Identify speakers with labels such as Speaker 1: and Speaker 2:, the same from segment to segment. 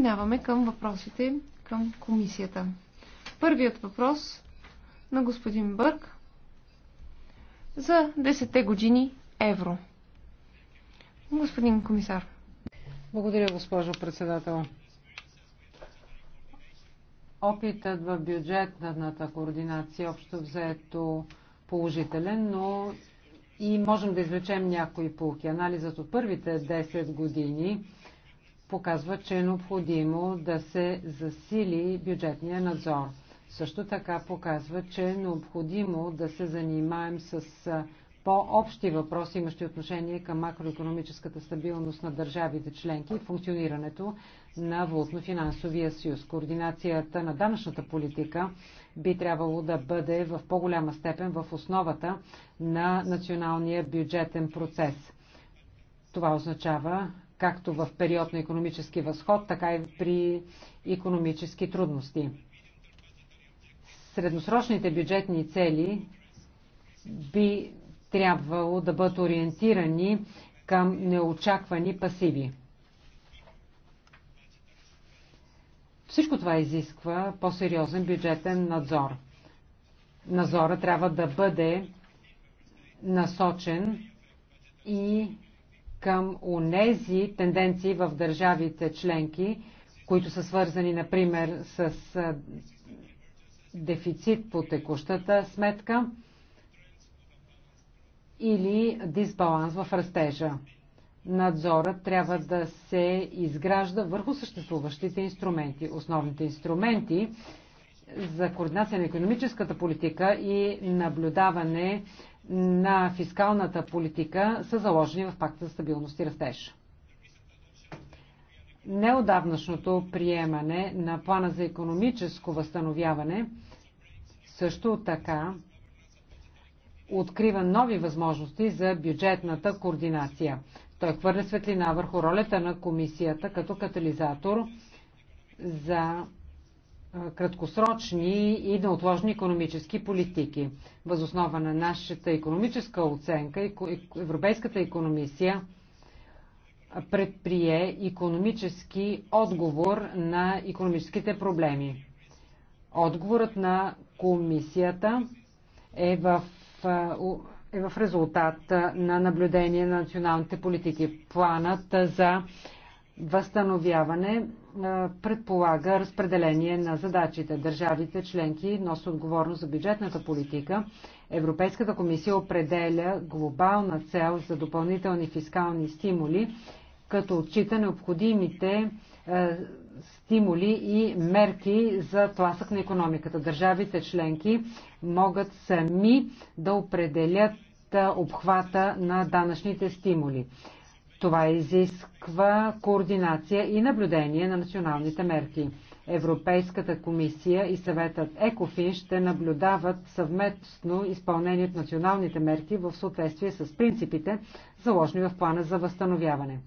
Speaker 1: Минаваме към въпросите към комисията. Първият въпрос на господин Бърк за 10-те години евро. Господин комисар.
Speaker 2: Благодаря, госпожо председател. Опитът в бюджетната координация общо взето положителен, но и можем да извлечем някои полки. Анализът от първите 10 години показва, че е необходимо да се засили бюджетния надзор. Също така показва, че е необходимо да се занимаем с по-общи въпроси, имащи отношение към макроекономическата стабилност на държавите членки и функционирането на валутно-финансовия съюз. Координацията на данъчната политика би трябвало да бъде в по-голяма степен в основата на националния бюджетен процес. Това означава както в период на економически възход, така и при економически трудности. Средносрочните бюджетни цели би трябвало да бъдат ориентирани към неочаквани пасиви. Всичко това изисква по-сериозен бюджетен надзор. Назора трябва да бъде насочен и към онези тенденции в държавите членки, които са свързани, например, с дефицит по текущата сметка или дисбаланс в растежа. Надзорът трябва да се изгражда върху съществуващите инструменти. Основните инструменти за координация на економическата политика и наблюдаване на фискалната политика са заложени в пакта за стабилност и растеж. Неодавнашното приемане на плана за економическо възстановяване също така открива нови възможности за бюджетната координация. Той хвърля светлина върху ролята на комисията като катализатор за краткосрочни и неотложни економически политики. Възоснова на нашата економическа оценка, Европейската економисия предприе економически отговор на економическите проблеми. Отговорът на комисията е в, е в резултат на наблюдение на националните политики. Планът за възстановяване предполага разпределение на задачите. Държавите членки носят отговорност за бюджетната политика. Европейската комисия определя глобална цел за допълнителни фискални стимули, като отчита необходимите стимули и мерки за тласък на економиката. Държавите членки могат сами да определят обхвата на данъчните стимули. Това изисква координация и наблюдение на националните мерки. Европейската комисия и съветът ЕКОФИН ще наблюдават съвместно изпълнение от националните мерки в съответствие с принципите, заложени в плана за възстановяване.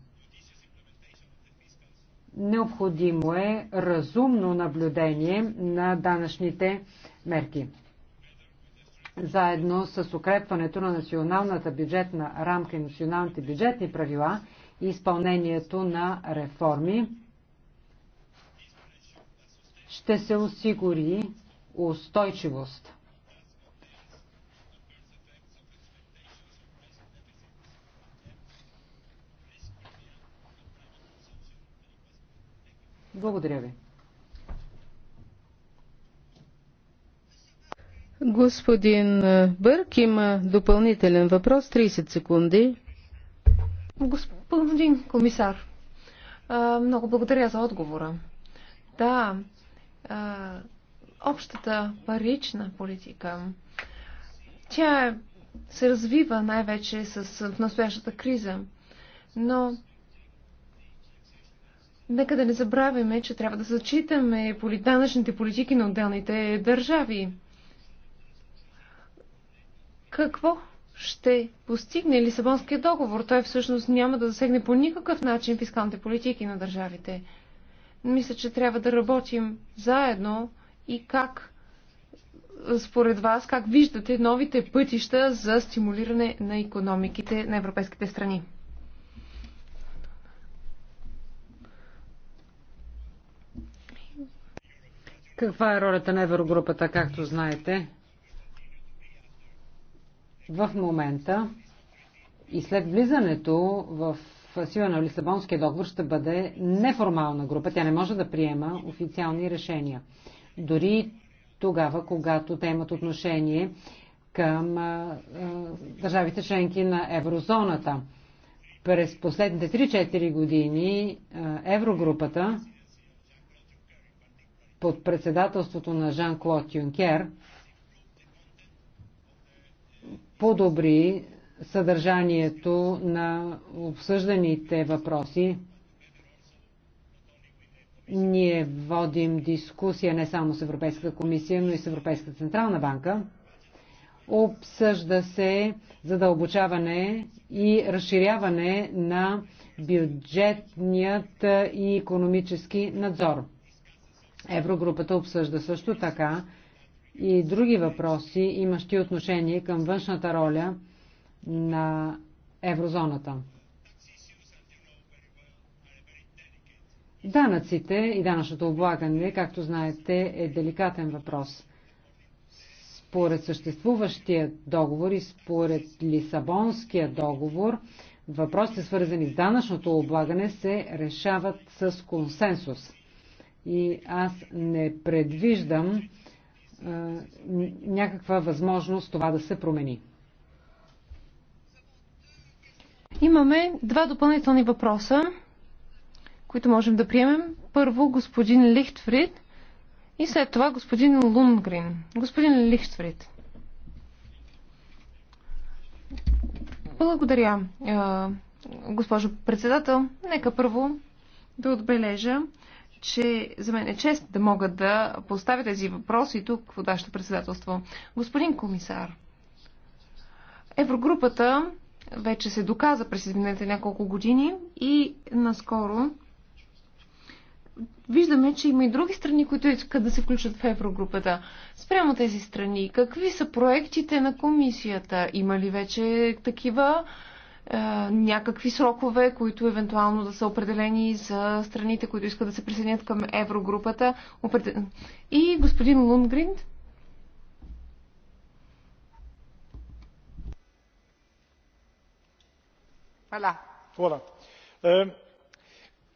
Speaker 2: Необходимо е разумно наблюдение на данъчните мерки заедно с укрепването на националната бюджетна рамка и националните бюджетни правила и изпълнението на реформи, ще се осигури устойчивост. Благодаря ви.
Speaker 3: Господин е, Бърк има допълнителен въпрос. 30 секунди.
Speaker 1: Господин комисар, много благодаря за отговора. Да, общата парична политика, тя се развива най-вече с, в настоящата криза, но нека да не забравяме, че трябва да зачитаме данъчните политики на отделните държави. Какво ще постигне Лисабонския договор? Той всъщност няма да засегне по никакъв начин фискалните политики на държавите. Мисля, че трябва да работим заедно и как според вас, как виждате новите пътища за стимулиране на економиките на европейските страни?
Speaker 2: Каква е ролята на Еврогрупата, както знаете? в момента и след влизането в сила на Лисабонския договор ще бъде неформална група. Тя не може да приема официални решения. Дори тогава, когато те имат отношение към а, а, държавите членки на еврозоната. През последните 3-4 години а, еврогрупата под председателството на Жан-Клод Юнкер – подобри съдържанието на обсъжданите въпроси. Ние водим дискусия не само с Европейската комисия, но и с Европейската централна банка. Обсъжда се задълбочаване и разширяване на бюджетният и економически надзор. Еврогрупата обсъжда също така и други въпроси, имащи отношение към външната роля на еврозоната. Данъците и данъчното облагане, както знаете, е деликатен въпрос. Според съществуващия договор и според Лисабонския договор, въпросите свързани с данъчното облагане се решават с консенсус. И аз не предвиждам някаква възможност това да се промени.
Speaker 1: Имаме два допълнителни въпроса, които можем да приемем. Първо господин Лихтфрид и след това господин Лунгрин. Господин Лихтфрид. Благодаря, госпожо председател. Нека първо да отбележа, че за мен е чест да мога да поставя тези въпроси тук в нашето председателство. Господин комисар, Еврогрупата вече се доказа през изминалите няколко години и наскоро виждаме, че има и други страни, които искат да се включат в Еврогрупата. Спрямо тези страни, какви са проектите на комисията? Има ли вече такива? Е, някакви срокове, които евентуално да са определени за страните, които искат да се присъединят към еврогрупата. И господин Лундгринд. Voilà. Е,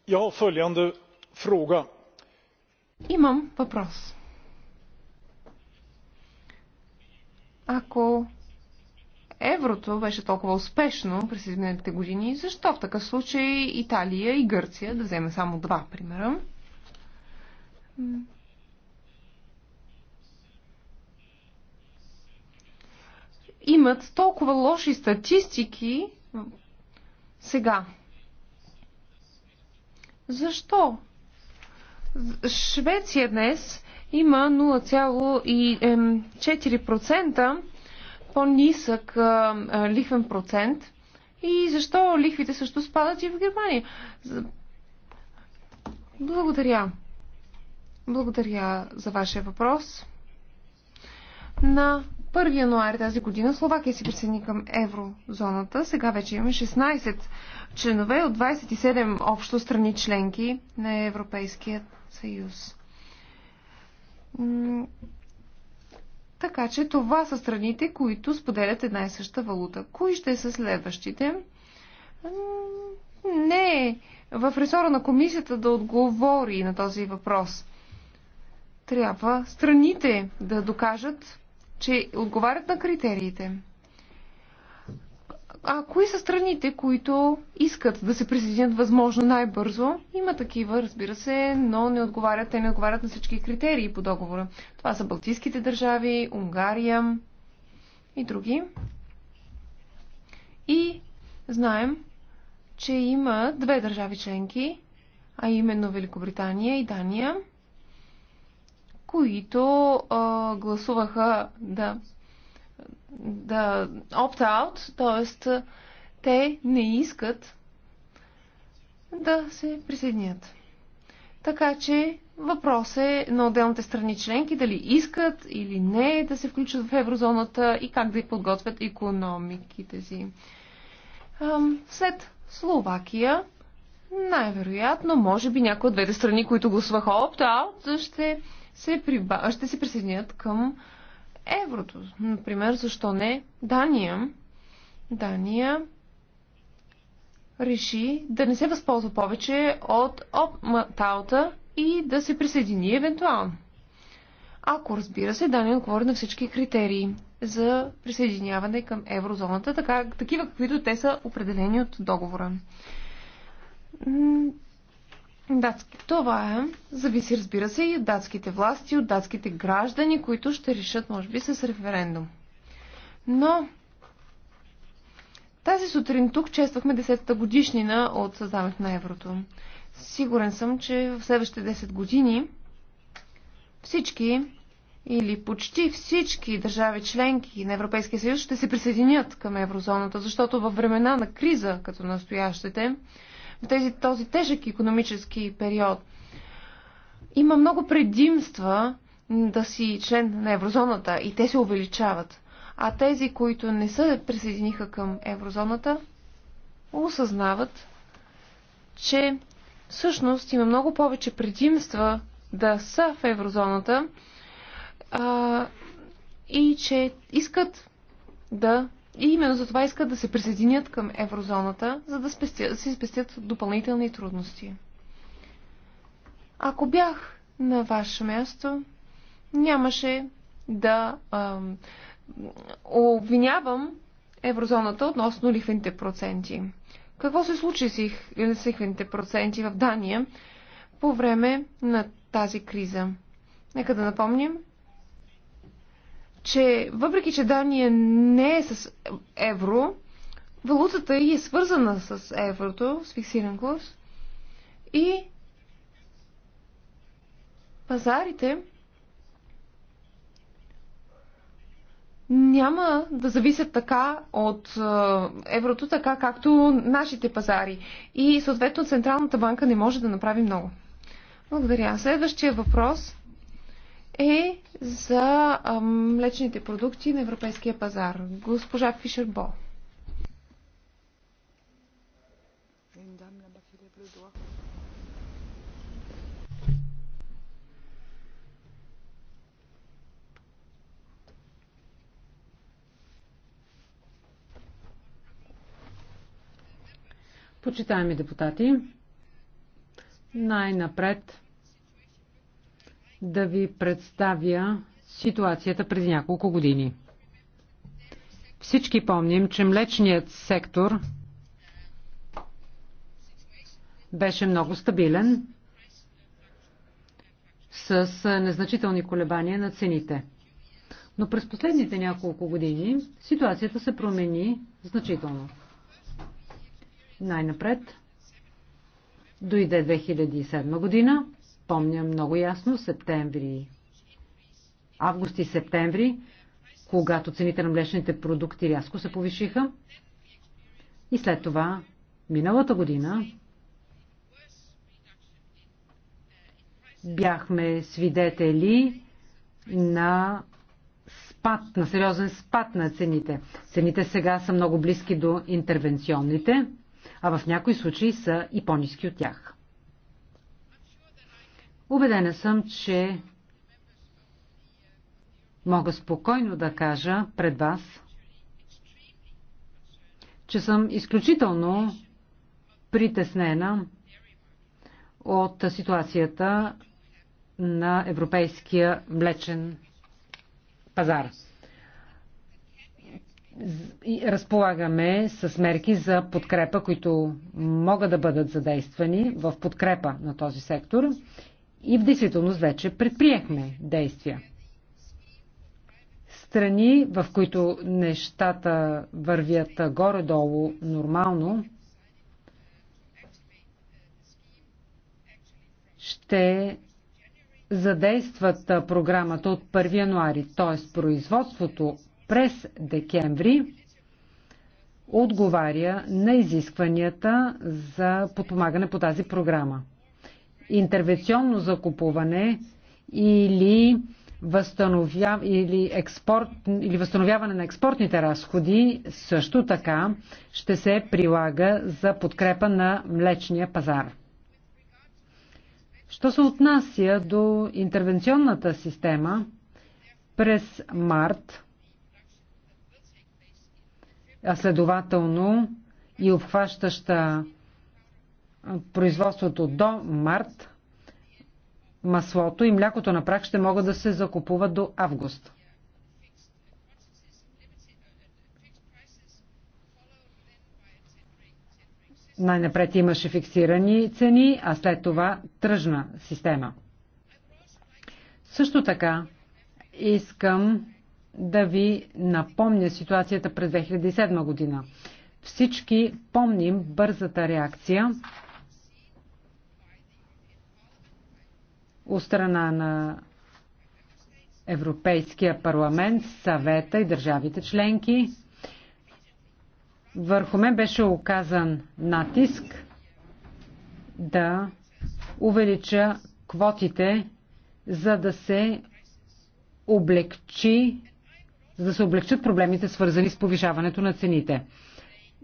Speaker 1: jag har följande fråga. Имам въпрос. Ако еврото беше толкова успешно през изминалите години, защо в такъв случай Италия и Гърция, да вземе само два примера, имат толкова лоши статистики сега? Защо? Швеция днес има 0,4% по-нисък лихвен процент. И защо лихвите също спадат и в Германия? Благодаря. Благодаря за вашия въпрос. На 1 януари тази година Словакия се присъедини към еврозоната. Сега вече имаме 16 членове от 27 общо страни членки на Европейския съюз. Така че това са страните, които споделят една и съща валута. Кои ще са следващите? Не е в ресора на комисията да отговори на този въпрос. Трябва страните да докажат, че отговарят на критериите. А кои са страните, които искат да се присъединят възможно най-бързо? Има такива, разбира се, но не отговарят, те не отговарят на всички критерии по договора. Това са Балтийските държави, Унгария и други. И знаем, че има две държави членки, а именно Великобритания и Дания, които а, гласуваха да да opt-out, т.е. те не искат да се присъединят. Така че въпрос е на отделните страни членки дали искат или не да се включат в еврозоната и как да подготвят економиките си. След Словакия, най-вероятно, може би някои от двете страни, които гласуваха опт-аут, ще се, приба... ще се присъединят към еврото. Например, защо не Дания? Дания реши да не се възползва повече от опматалта и да се присъедини евентуално. Ако, разбира се, Дания отговори на всички критерии за присъединяване към еврозоната, така, такива каквито те са определени от договора. Датски. Това е. Зависи, разбира се, и от датските власти, от датските граждани, които ще решат, може би, с референдум. Но тази сутрин тук чествахме 10-та годишнина от създаването на еврото. Сигурен съм, че в следващите 10 години всички или почти всички държави членки на Европейския съюз ще се присъединят към еврозоната, защото във времена на криза, като настоящите, в тези, този тежък економически период. Има много предимства да си член на еврозоната и те се увеличават. А тези, които не се присъединиха към еврозоната, осъзнават, че всъщност има много повече предимства да са в еврозоната а, и че искат да и именно за това искат да се присъединят към еврозоната, за да спестят, си спестят допълнителни трудности. Ако бях на ваше място, нямаше да ам, обвинявам еврозоната относно лихвените проценти. Какво се случи с, с лихвените проценти в Дания по време на тази криза? Нека да напомним, че въпреки, че Дания не е с евро, валутата й е свързана с еврото, с фиксиран курс и пазарите няма да зависят така от е, еврото, така както нашите пазари. И съответно Централната банка не може да направи много. Благодаря. Следващия въпрос е за млечните продукти на европейския пазар. Госпожа Фишербо.
Speaker 2: Почитаеми депутати, най-напред да ви представя ситуацията през няколко години. Всички помним, че млечният сектор беше много стабилен с незначителни колебания на цените. Но през последните няколко години ситуацията се промени значително. Най-напред дойде 2007 година помня много ясно, септември, август и септември, когато цените на млечните продукти рязко се повишиха. И след това, миналата година, бяхме свидетели на спад, на сериозен спад на цените. Цените сега са много близки до интервенционните, а в някои случаи са и по-низки от тях. Убедена съм, че мога спокойно да кажа пред вас, че съм изключително притеснена от ситуацията на европейския млечен пазар. Разполагаме с мерки за подкрепа, които могат да бъдат задействани в подкрепа на този сектор и в действителност вече предприехме действия. Страни, в които нещата вървят горе-долу нормално, ще задействат програмата от 1 януари, т.е. производството през декември отговаря на изискванията за подпомагане по тази програма интервенционно закупуване или, възстановяв... или, експорт, или възстановяване на експортните разходи също така ще се прилага за подкрепа на млечния пазар. Що се отнася до интервенционната система, през март, а следователно и обхващаща производството до март, маслото и млякото на прах ще могат да се закупуват до август. Най-напред имаше фиксирани цени, а след това тръжна система. Също така искам да ви напомня ситуацията през 2007 година. Всички помним бързата реакция от страна на Европейския парламент, съвета и държавите членки. Върху мен беше оказан натиск да увелича квотите, за да се облегчи, за да се облегчат проблемите, свързани с повишаването на цените.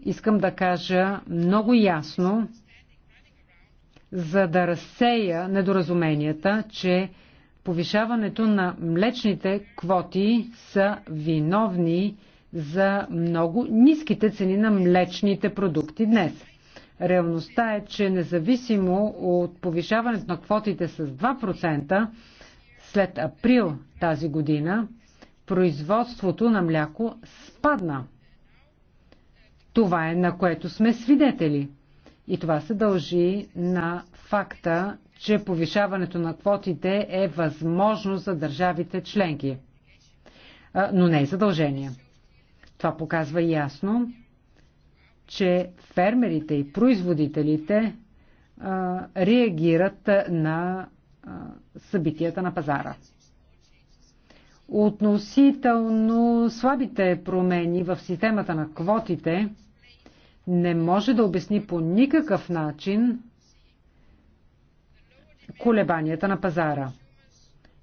Speaker 2: Искам да кажа много ясно, за да разсея недоразуменията, че повишаването на млечните квоти са виновни за много ниските цени на млечните продукти днес. Реалността е, че независимо от повишаването на квотите с 2%, след април тази година производството на мляко спадна. Това е на което сме свидетели – и това се дължи на факта, че повишаването на квотите е възможно за държавите членки, но не е задължение. Това показва ясно, че фермерите и производителите реагират на събитията на пазара. Относително слабите промени в системата на квотите – не може да обясни по никакъв начин колебанията на пазара.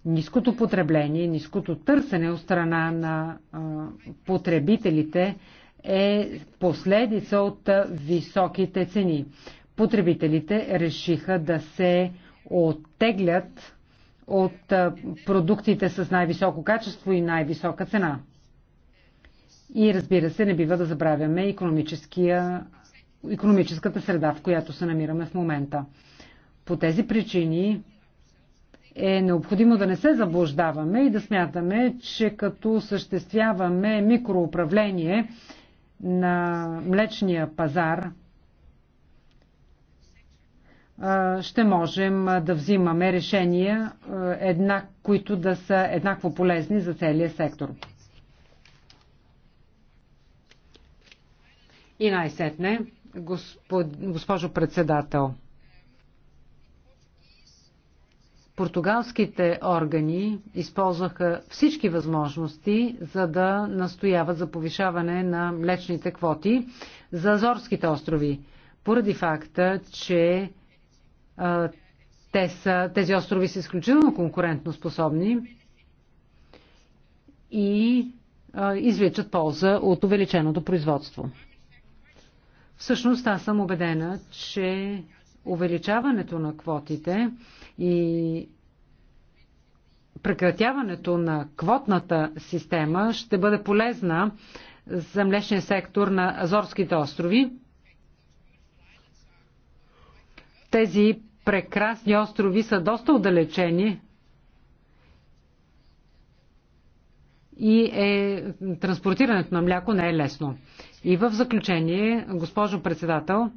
Speaker 2: Ниското потребление, ниското търсене от страна на потребителите е последица от високите цени. Потребителите решиха да се оттеглят от продуктите с най-високо качество и най-висока цена. И разбира се, не бива да забравяме економическата среда, в която се намираме в момента. По тези причини е необходимо да не се заблуждаваме и да смятаме, че като съществяваме микроуправление на млечния пазар, ще можем да взимаме решения, които да са еднакво полезни за целия сектор. И най-сетне, господ... госпожо председател, португалските органи използваха всички възможности, за да настояват за повишаване на млечните квоти за Азорските острови, поради факта, че а, те са, тези острови са изключително конкурентно способни и а, извличат полза от увеличеното производство. Всъщност аз съм убедена, че увеличаването на квотите и прекратяването на квотната система ще бъде полезна за млечния сектор на Азорските острови. Тези прекрасни острови са доста отдалечени и е, транспортирането на мляко не е лесно. И в заключение, госпожо председател,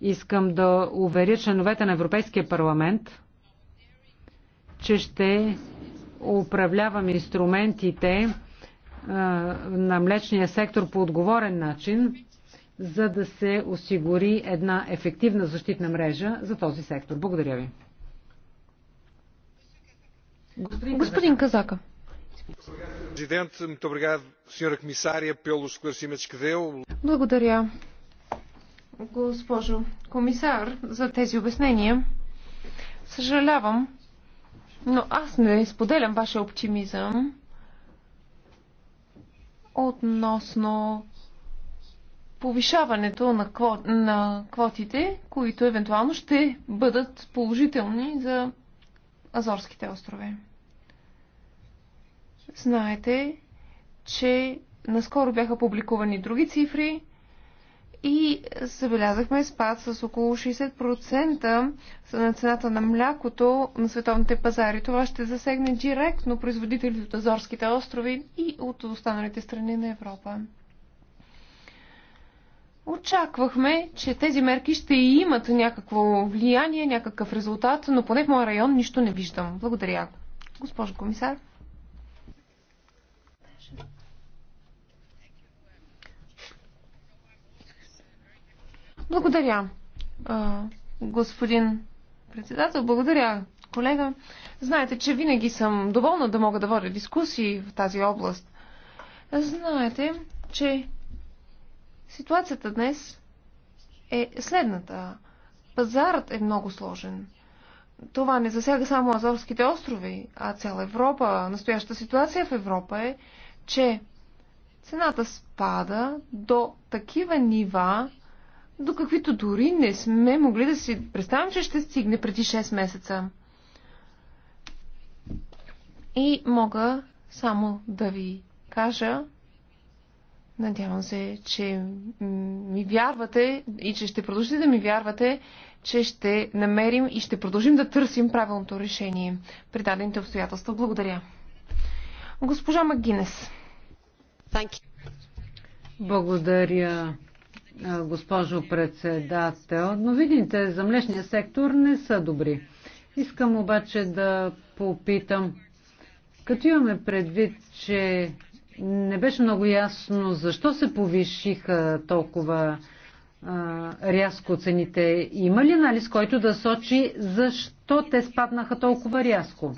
Speaker 2: искам да уверя членовете на Европейския парламент, че ще управлявам инструментите на млечния сектор по отговорен начин, за да се осигури една ефективна защитна мрежа за този сектор. Благодаря ви.
Speaker 1: Господин Казака. Благодаря, госпожо комисар, за тези обяснения. Съжалявам, но аз не споделям вашия оптимизъм относно повишаването на, кво... на квотите, които евентуално ще бъдат положителни за Азорските острове. Знаете, че наскоро бяха публикувани други цифри и забелязахме спад с около 60% на цената на млякото на световните пазари. Това ще засегне директно производителите от Азорските острови и от останалите страни на Европа. Очаквахме, че тези мерки ще имат някакво влияние, някакъв резултат, но поне в моя район нищо не виждам. Благодаря. Госпожо комисар. Благодаря, господин председател. Благодаря, колега. Знаете, че винаги съм доволна да мога да водя дискусии в тази област. Знаете, че ситуацията днес е следната. Пазарът е много сложен. Това не засяга само Азорските острови, а цяла Европа. Настоящата ситуация в Европа е, че цената спада до такива нива, до каквито дори не сме могли да си представим, че ще стигне преди 6 месеца. И мога само да ви кажа, надявам се, че ми вярвате и че ще продължите да ми вярвате, че ще намерим и ще продължим да търсим правилното решение при дадените обстоятелства. Благодаря. Госпожа Магинес.
Speaker 2: Благодаря госпожо председател, но видите за млечния сектор не са добри. Искам обаче да попитам, като имаме предвид, че не беше много ясно защо се повишиха толкова а, рязко цените. Има ли анализ, който да сочи защо те спаднаха толкова рязко?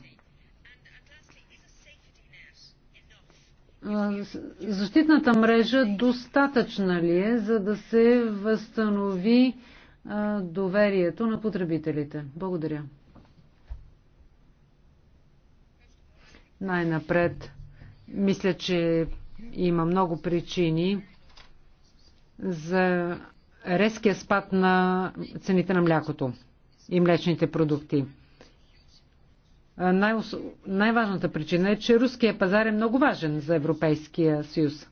Speaker 2: защитната мрежа достатъчна ли е, за да се възстанови доверието на потребителите? Благодаря. Най-напред, мисля, че има много причини за резкия спад на цените на млякото и млечните продукти най- най-важната причина е, че руския пазар е много важен за Европейския съюз.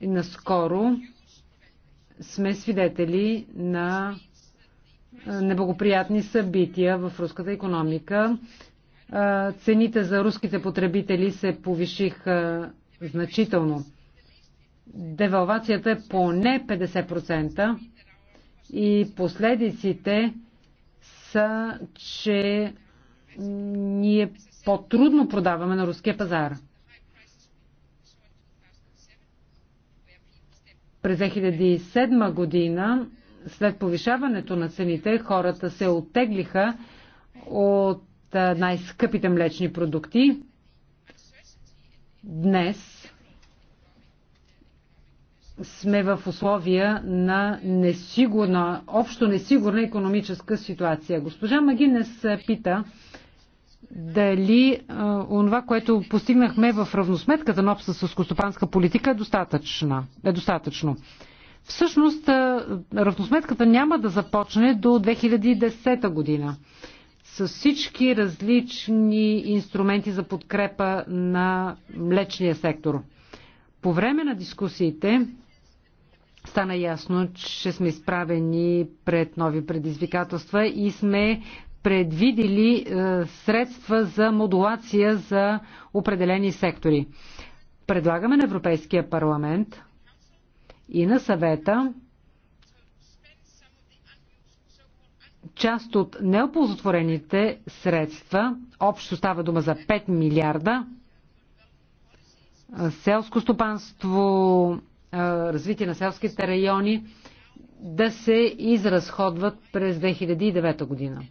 Speaker 2: И наскоро сме свидетели на неблагоприятни събития в руската економика. Цените за руските потребители се повишиха значително. Девалвацията е поне 50% и последиците са, че ние по-трудно продаваме на руския пазар. През 2007 година, след повишаването на цените, хората се оттеглиха от най-скъпите млечни продукти. Днес сме в условия на несигурна, общо несигурна економическа ситуация. Госпожа Магинес пита дали а, е, онова, което постигнахме в равносметката на обща сълскостопанска политика е, достатъчно. е достатъчно. Всъщност, а, е, равносметката няма да започне до 2010 година. С всички различни инструменти за подкрепа на млечния сектор. По време на дискусиите стана ясно, че сме изправени пред нови предизвикателства и сме предвидели е, средства за модулация за определени сектори. Предлагаме на Европейския парламент и на съвета част от неоползотворените средства, общо става дума за 5 милиарда, е, селско стопанство, развитие на селските райони да се изразходват през 2009 година.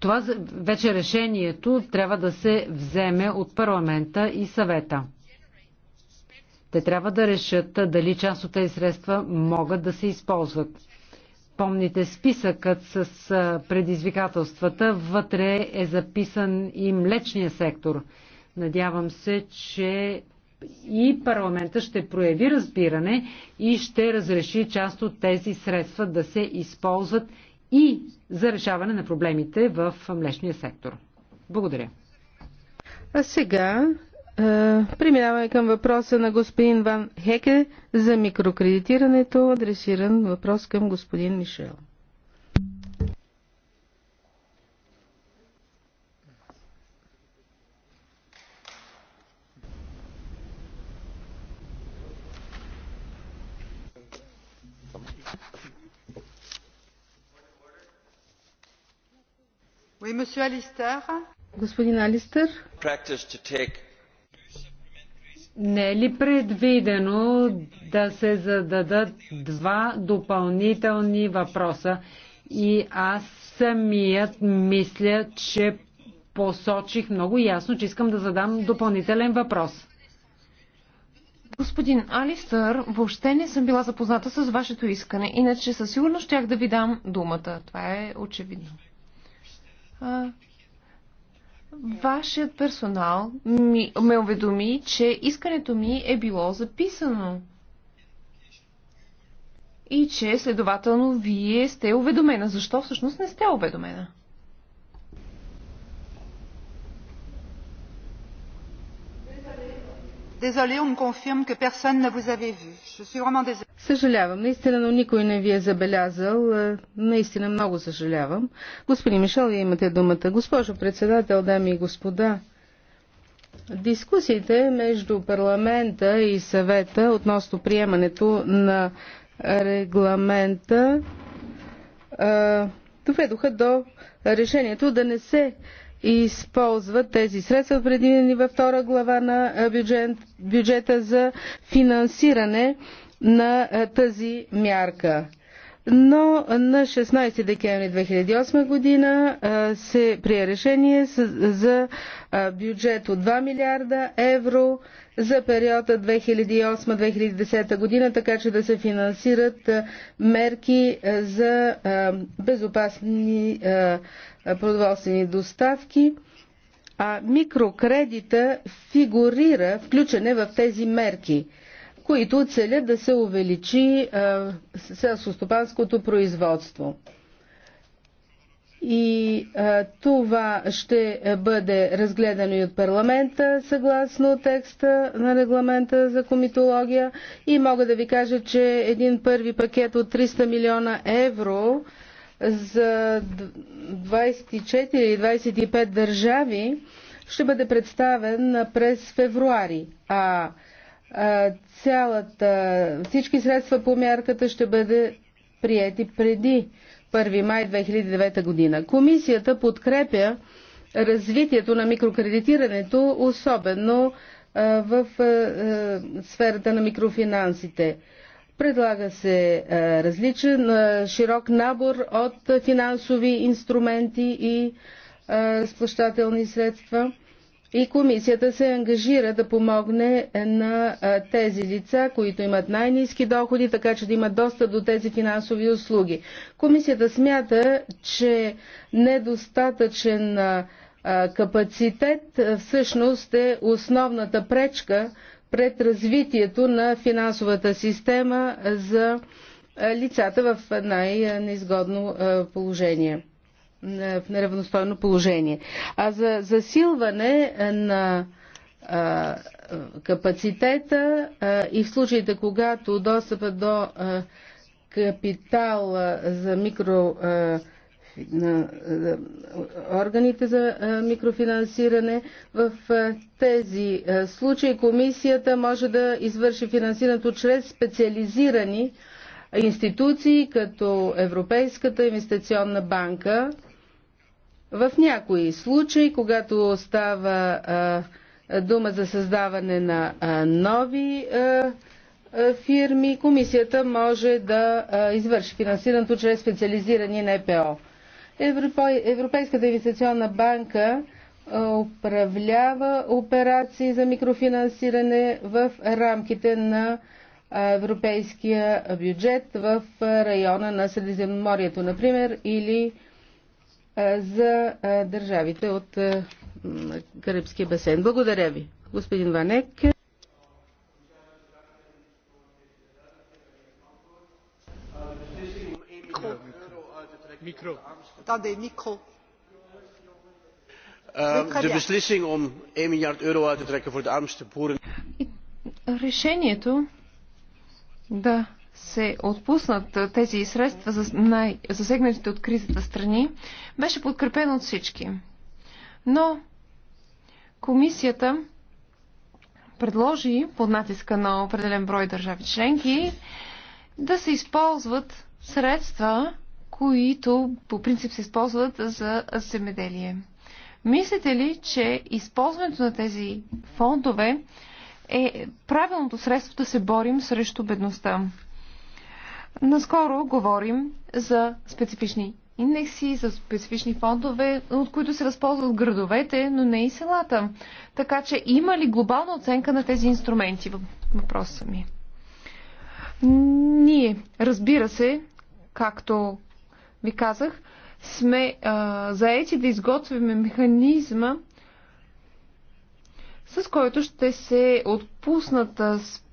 Speaker 2: Това вече решението трябва да се вземе от парламента и съвета. Те трябва да решат дали част от тези средства могат да се използват. Помните списъкът с предизвикателствата, вътре е записан и млечния сектор – Надявам се, че и парламента ще прояви разбиране и ще разреши част от тези средства да се използват и за решаване на проблемите в млечния сектор. Благодаря.
Speaker 3: А сега е, преминаваме към въпроса на господин Ван Хеке за микрокредитирането. Адресиран въпрос към господин Мишел. Господин Алистър,
Speaker 2: не е ли предвидено да се зададат два допълнителни въпроса? И аз самият мисля, че посочих много ясно, че искам да задам допълнителен въпрос.
Speaker 1: Господин Алистър, въобще не съм била запозната с вашето искане, иначе със сигурност щях да ви дам думата. Това е очевидно. Вашият персонал ми, ме уведоми, че искането ми е било записано. И че следователно вие сте уведомена. Защо всъщност не сте уведомена?
Speaker 3: Съжалявам, наистина, но никой не ви е забелязал. Е, наистина много съжалявам. Господин Мишел, вие имате думата. Госпожо председател, дами и господа, дискусиите между парламента и съвета относно приемането на регламента е, доведоха до решението да не се използват тези средства, предвидени във втора глава на бюджет, бюджета за финансиране на тази мярка. Но на 16 декември 2008 година се прие решение за бюджет от 2 милиарда евро за периода 2008-2010 година, така че да се финансират мерки за безопасни продоволствени доставки. А микрокредита фигурира включене в тези мерки, които целят да се увеличи селско-стопанското производство и а, това ще бъде разгледано и от парламента съгласно текста на регламента за комитология и мога да ви кажа, че един първи пакет от 300 милиона евро за 24 или 25 държави ще бъде представен през февруари, а, а цялата, всички средства по мярката ще бъде приети преди 1 май 2009 година. Комисията подкрепя развитието на микрокредитирането, особено в сферата на микрофинансите. Предлага се различен широк набор от финансови инструменти и сплащателни средства – и комисията се ангажира да помогне на тези лица, които имат най-низки доходи, така че да имат достъп до тези финансови услуги. Комисията смята, че недостатъчен капацитет всъщност е основната пречка пред развитието на финансовата система за лицата в най-неизгодно положение в неравностойно положение. А за засилване на капацитета и в случаите, когато достъпа до капитал за микро на органите за микрофинансиране. В тези случаи комисията може да извърши финансирането чрез специализирани институции, като Европейската инвестиционна банка, в някои случаи, когато става а, дума за създаване на а, нови а, фирми, комисията може да извърши финансирането чрез специализирани НПО. Европейската инвестиционна банка управлява операции за микрофинансиране в рамките на европейския бюджет в района на Средиземноморието, например, или за държавите от Карибския басейн. Благодаря ви, господин Ванек.
Speaker 1: De е beslissing om 1 miljard euro uit te trekken voor de armste boeren. Решението да се отпуснат тези средства за най-засегнатите от кризата страни, беше подкрепен от всички. Но комисията предложи под натиска на определен брой държави членки да се използват средства, които по принцип се използват за земеделие. Мислите ли, че използването на тези фондове е правилното средство да се борим срещу бедността? Наскоро говорим за специфични индекси, за специфични фондове, от които се разползват градовете, но не и селата. Така че има ли глобална оценка на тези инструменти? Въпросът ми. Е. Ние, разбира се, както ви казах, сме а, заети да изготвяме механизма, с който ще се отпуснат а, с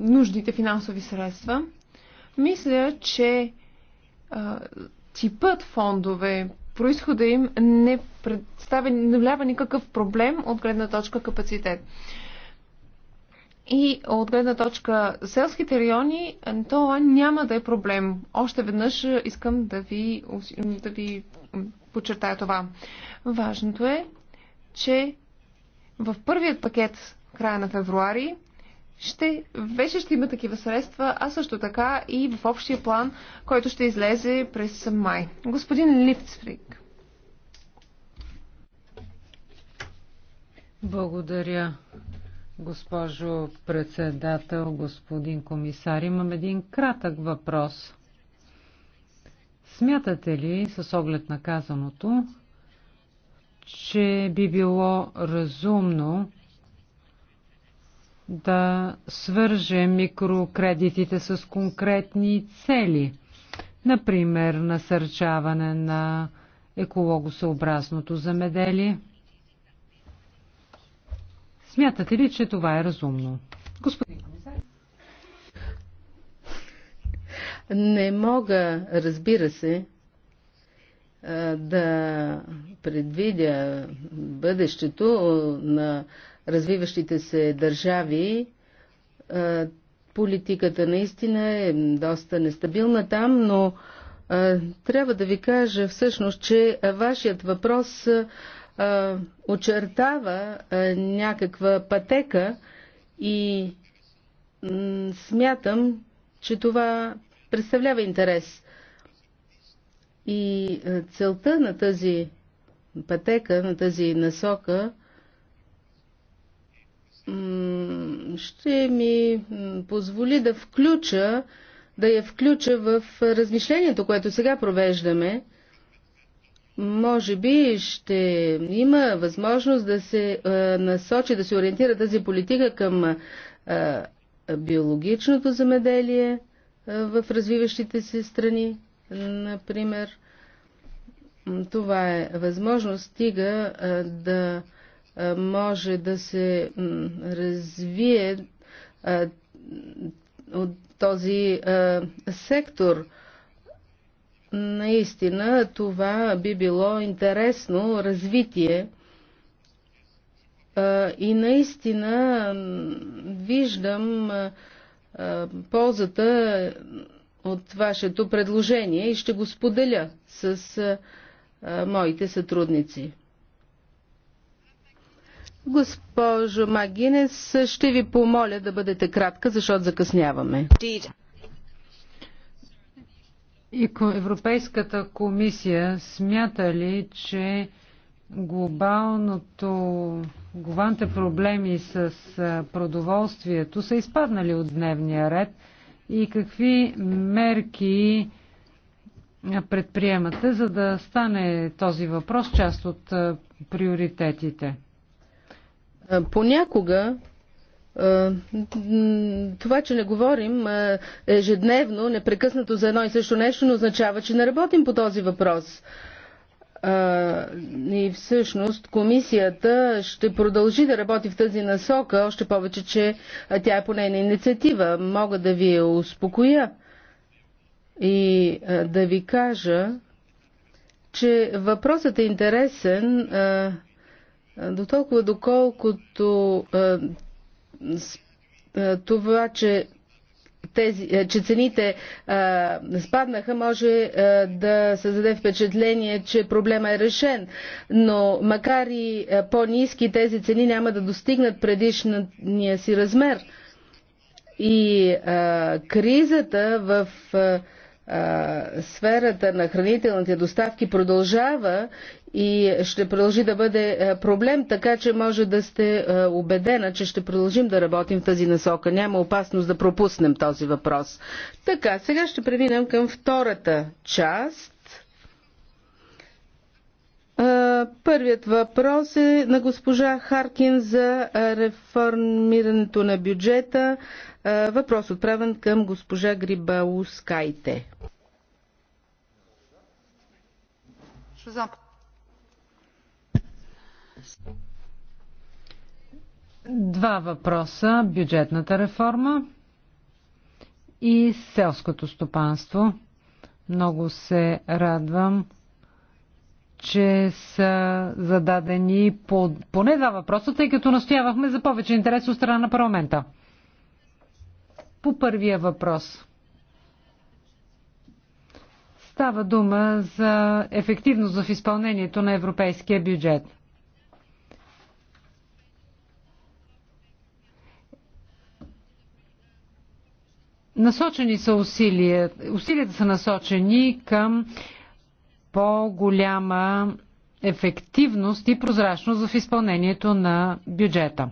Speaker 1: нуждите финансови средства – мисля, че а, типът фондове, происхода им не представя, не влява никакъв проблем от гледна точка капацитет. И от гледна точка селските райони, това няма да е проблем. Още веднъж искам да ви, да ви подчертая това. Важното е, че в първият пакет края на февруари ще, вече ще има такива средства, а също така и в общия план, който ще излезе през май. Господин Липцфрик.
Speaker 2: Благодаря, госпожо председател, господин комисар. Имам един кратък въпрос. Смятате ли, с оглед на казаното, че би било разумно да свърже микрокредитите с конкретни цели, например насърчаване на екологосъобразното замеделие. Смятате ли, че това е разумно? Господин комисар.
Speaker 3: Не мога, разбира се, да предвидя бъдещето на развиващите се държави политиката наистина е доста нестабилна там, но трябва да ви кажа всъщност, че вашият въпрос очертава някаква пътека и смятам, че това представлява интерес. И целта на тази пътека, на тази насока, ще ми позволи да включа, да я включа в размишлението, което сега провеждаме. Може би ще има възможност да се насочи, да се ориентира тази политика към биологичното замеделие в развиващите се страни, например. Това е възможност, стига да може да се развие от този сектор. Наистина това би било интересно развитие. И наистина виждам ползата от вашето предложение и ще го споделя с моите сътрудници. Госпожо Магинес, ще ви помоля да бъдете кратка, защото закъсняваме.
Speaker 2: И Европейската комисия смята ли, че глобалното, глобалните проблеми с продоволствието са изпаднали от дневния ред и какви мерки предприемате, за да стане този въпрос част от приоритетите?
Speaker 3: Понякога това, че не говорим ежедневно, непрекъснато за едно и също нещо, не означава, че не работим по този въпрос. И всъщност комисията ще продължи да работи в тази насока, още повече, че тя е по нейна инициатива. Мога да ви успокоя и да ви кажа, че въпросът е интересен до толкова доколкото е, е, това, че тези, е, че цените а, спаднаха, може а, да създаде впечатление, че проблема е решен. Но макар и по-низки, тези цени няма да достигнат предишния си размер. И а, кризата в а, сферата на хранителните доставки продължава и ще продължи да бъде проблем, така че може да сте убедена, че ще продължим да работим в тази насока. Няма опасност да пропуснем този въпрос. Така, сега ще преминем към втората част е, първият въпрос е на госпожа Харкин за реформирането на бюджета. Е, въпрос отправен към госпожа Грибаускайте.
Speaker 2: Два въпроса. Бюджетната реформа и селското стопанство. Много се радвам, че са зададени по, поне два въпроса, тъй като настоявахме за повече интерес от страна на парламента. По първия въпрос. Става дума за ефективност в изпълнението на европейския бюджет. Насочени са усилия. Усилията са насочени към по-голяма ефективност и прозрачност в изпълнението на бюджета.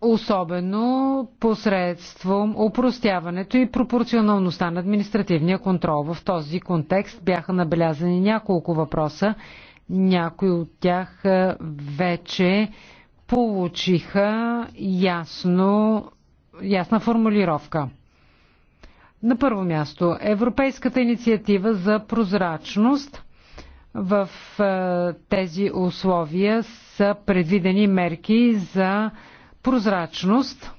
Speaker 2: Особено посредством упростяването и пропорционалността на административния контрол. В този контекст бяха набелязани няколко въпроса. Някои от тях е, вече получиха ясно, ясна формулировка. На първо място, Европейската инициатива за прозрачност в е, тези условия са предвидени мерки за прозрачност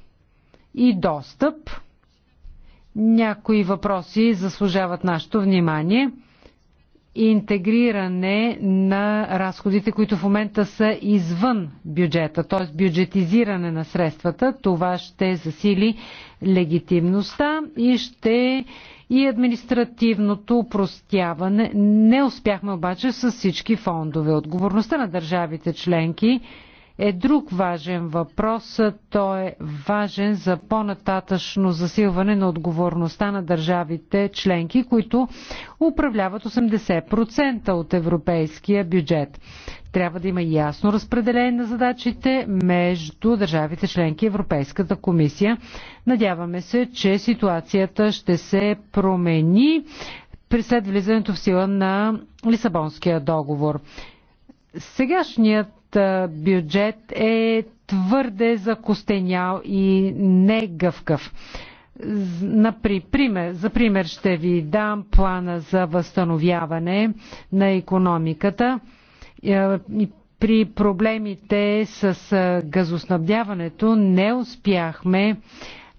Speaker 2: и достъп. Някои въпроси заслужават нашето внимание интегриране на разходите, които в момента са извън бюджета, т.е. бюджетизиране на средствата. Това ще засили легитимността и ще и административното упростяване. Не успяхме обаче с всички фондове. Отговорността на държавите членки е друг важен въпрос. Той е важен за по-нататъчно засилване на отговорността на държавите членки, които управляват 80% от европейския бюджет. Трябва да има ясно разпределение на задачите между държавите членки и Европейската комисия. Надяваме се, че ситуацията ще се промени при след влизането в сила на Лисабонския договор. Сегашният бюджет е твърде закостенял и не гъвкав. за пример ще ви дам плана за възстановяване на економиката. Е, при проблемите с газоснабдяването не успяхме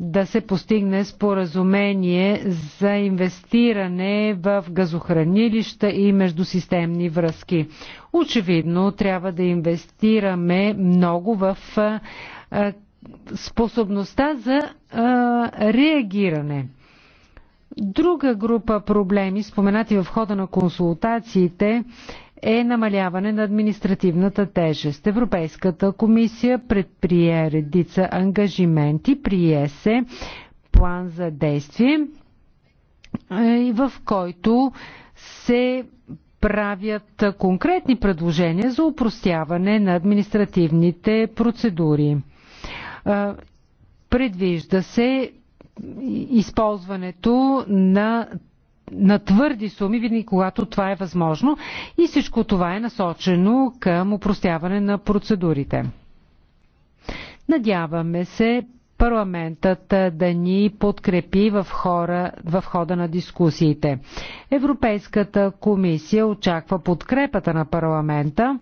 Speaker 2: да се постигне споразумение за инвестиране в газохранилища и междусистемни връзки. Очевидно трябва да инвестираме много в способността за реагиране. Друга група проблеми, споменати в хода на консултациите, е намаляване на административната тежест. Европейската комисия предприе редица ангажименти, прие се план за действие, в който се правят конкретни предложения за упростяване на административните процедури. Предвижда се използването на на твърди суми, винаги когато това е възможно. И всичко това е насочено към упростяване на процедурите. Надяваме се парламентът е, да ни подкрепи в, хора, в хода на дискусиите. Европейската комисия очаква подкрепата на парламента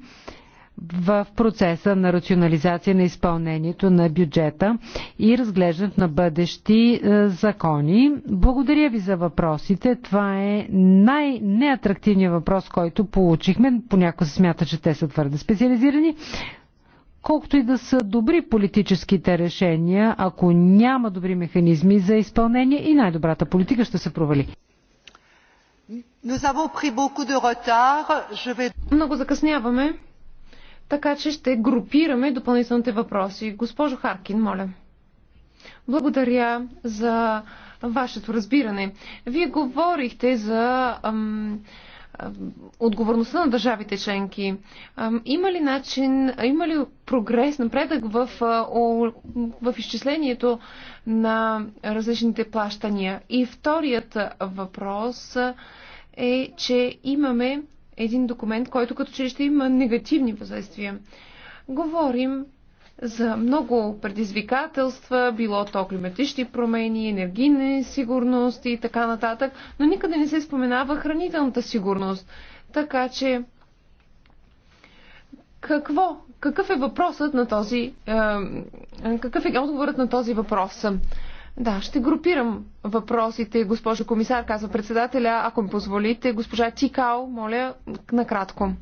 Speaker 2: в процеса на рационализация на изпълнението на бюджета и разглеждането на бъдещи е, закони. Благодаря ви за въпросите. Това е най-неатрактивният въпрос, който получихме. Понякога се смята, че те са твърде специализирани. Колкото и да са добри политическите решения, ако няма добри механизми за изпълнение и най-добрата политика ще се провали.
Speaker 1: Много закъсняваме, така че ще групираме допълнителните въпроси. Госпожо Харкин, моля. Благодаря за вашето разбиране. Вие говорихте за ам, отговорността на държавите членки. Има ли начин, има ли прогрес, напредък в, в изчислението на различните плащания? И вторият въпрос е, че имаме един документ, който като че ще има негативни въздействия. Говорим за много предизвикателства, било то климатични промени, енергийна сигурност и така нататък, но никъде не се споменава хранителната сигурност. Така че, какво, какъв е въпросът на този, е, какъв е отговорът на този въпрос? Да, ще групирам въпросите, госпожо комисар, казва председателя. Ако ми позволите, госпожа Тикао, моля, накратко.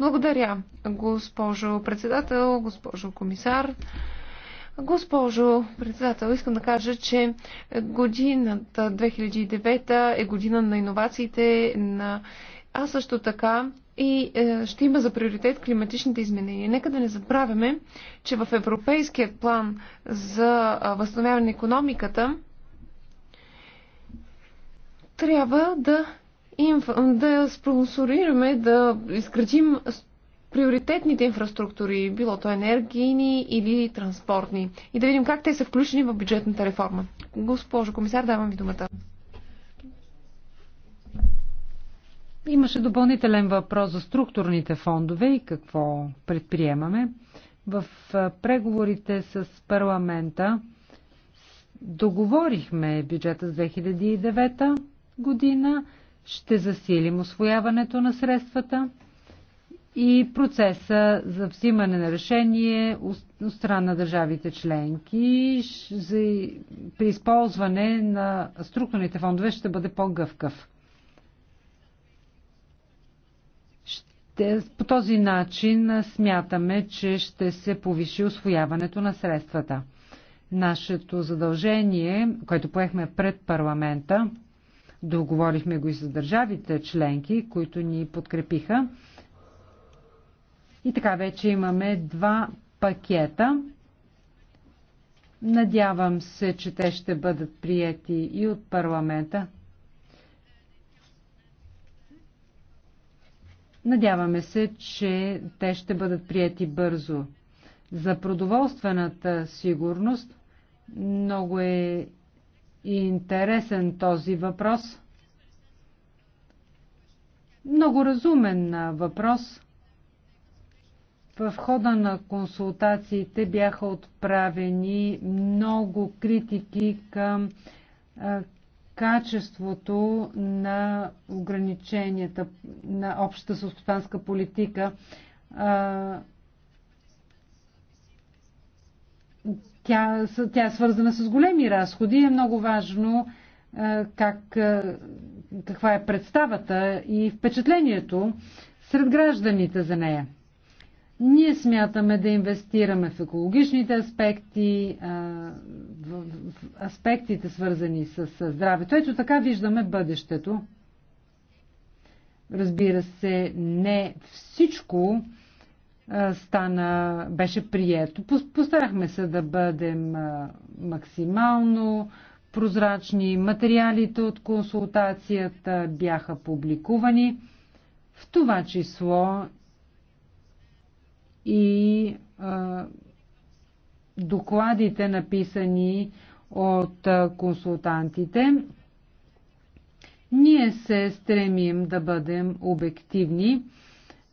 Speaker 1: Благодаря, госпожо председател, госпожо комисар. Госпожо председател, искам да кажа, че годината 2009 е година на иновациите, на... а също така и е, ще има за приоритет климатичните изменения. Нека да не забравяме, че в Европейският план за възстановяване на економиката трябва да, инф... да спонсорираме, да изградим приоритетните инфраструктури, било то енергийни или транспортни, и да видим как те са включени в бюджетната реформа. Госпожо комисар, давам ви думата.
Speaker 2: Имаше допълнителен въпрос за структурните фондове и какво предприемаме. В преговорите с парламента договорихме бюджета с 2009 година, ще засилим освояването на средствата и процеса за взимане на решение от страна на държавите членки при използване на структурните фондове ще бъде по-гъвкав. По този начин смятаме, че ще се повиши освояването на средствата. Нашето задължение, което поехме пред парламента, договорихме го и с държавите членки, които ни подкрепиха. И така вече имаме два пакета. Надявам се, че те ще бъдат приети и от парламента. Надяваме се, че те ще бъдат прияти бързо. За продоволствената сигурност много е интересен този въпрос. Много разумен въпрос. В хода на консултациите бяха отправени много критики към качеството на ограниченията на общата сълскостопанска политика. Тя, тя е свързана с големи разходи и е много важно как, каква е представата и впечатлението сред гражданите за нея. Ние смятаме да инвестираме в екологичните аспекти, в аспектите свързани с здравето. Ето така виждаме бъдещето. Разбира се, не всичко стана, беше прието. Постарахме се да бъдем максимално прозрачни. Материалите от консултацията бяха публикувани, в това число и а, докладите написани от консултантите. Ние се стремим да бъдем обективни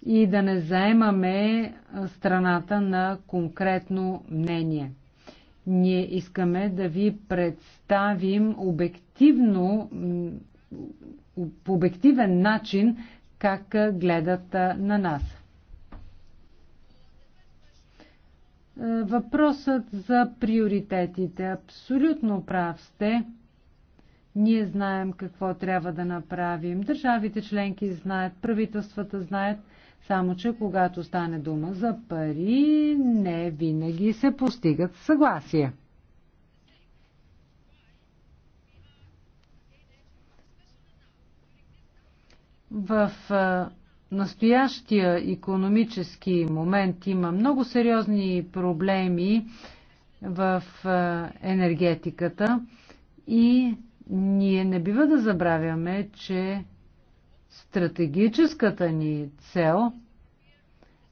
Speaker 2: и да не заемаме страната на конкретно мнение. Ние искаме да ви представим обективно, по обективен начин как гледат на нас. Е, въпросът за приоритетите. Абсолютно прав сте. Ние знаем какво трябва да направим. Държавите членки знаят, правителствата знаят, само че когато стане дума за пари, не винаги се постигат съгласие. В е, настоящия економически момент има много сериозни проблеми в енергетиката и ние не бива да забравяме, че стратегическата ни цел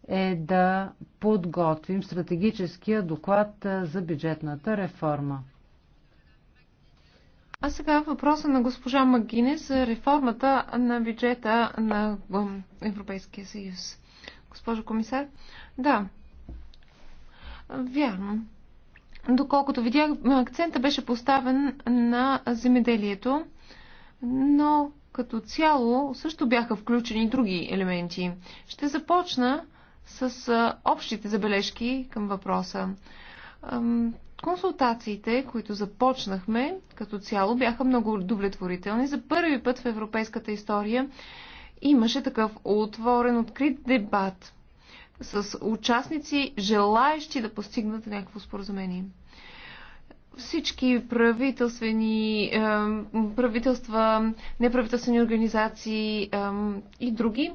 Speaker 2: е да подготвим стратегическия доклад за бюджетната реформа.
Speaker 1: А сега въпроса на госпожа Магине за реформата на бюджета на Европейския съюз. Госпожо комисар, да, вярно. Доколкото видях, акцента беше поставен на земеделието, но като цяло също бяха включени други елементи. Ще започна с общите забележки към въпроса. Консултациите, които започнахме като цяло, бяха много удовлетворителни. За първи път в европейската история имаше такъв отворен, открит дебат с участници, желаещи да постигнат някакво споразумение. Всички правителствени, е, правителства, неправителствени организации е, и други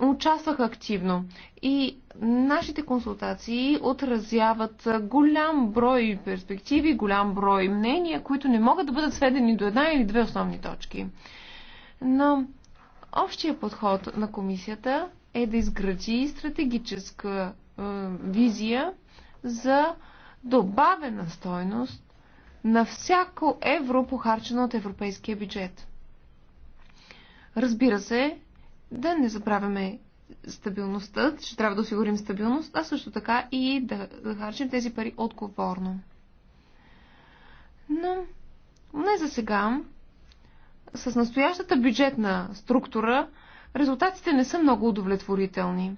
Speaker 1: участвах активно и нашите консултации отразяват голям брой перспективи, голям брой мнения, които не могат да бъдат сведени до една или две основни точки. Но общия подход на комисията е да изгради стратегическа е, визия за добавена стойност на всяко евро похарчено от европейския бюджет. Разбира се, да не забравяме стабилността, че трябва да осигурим стабилност, а също така и да, да харчим тези пари отговорно. Но не за сега. С настоящата бюджетна структура резултатите не са много удовлетворителни.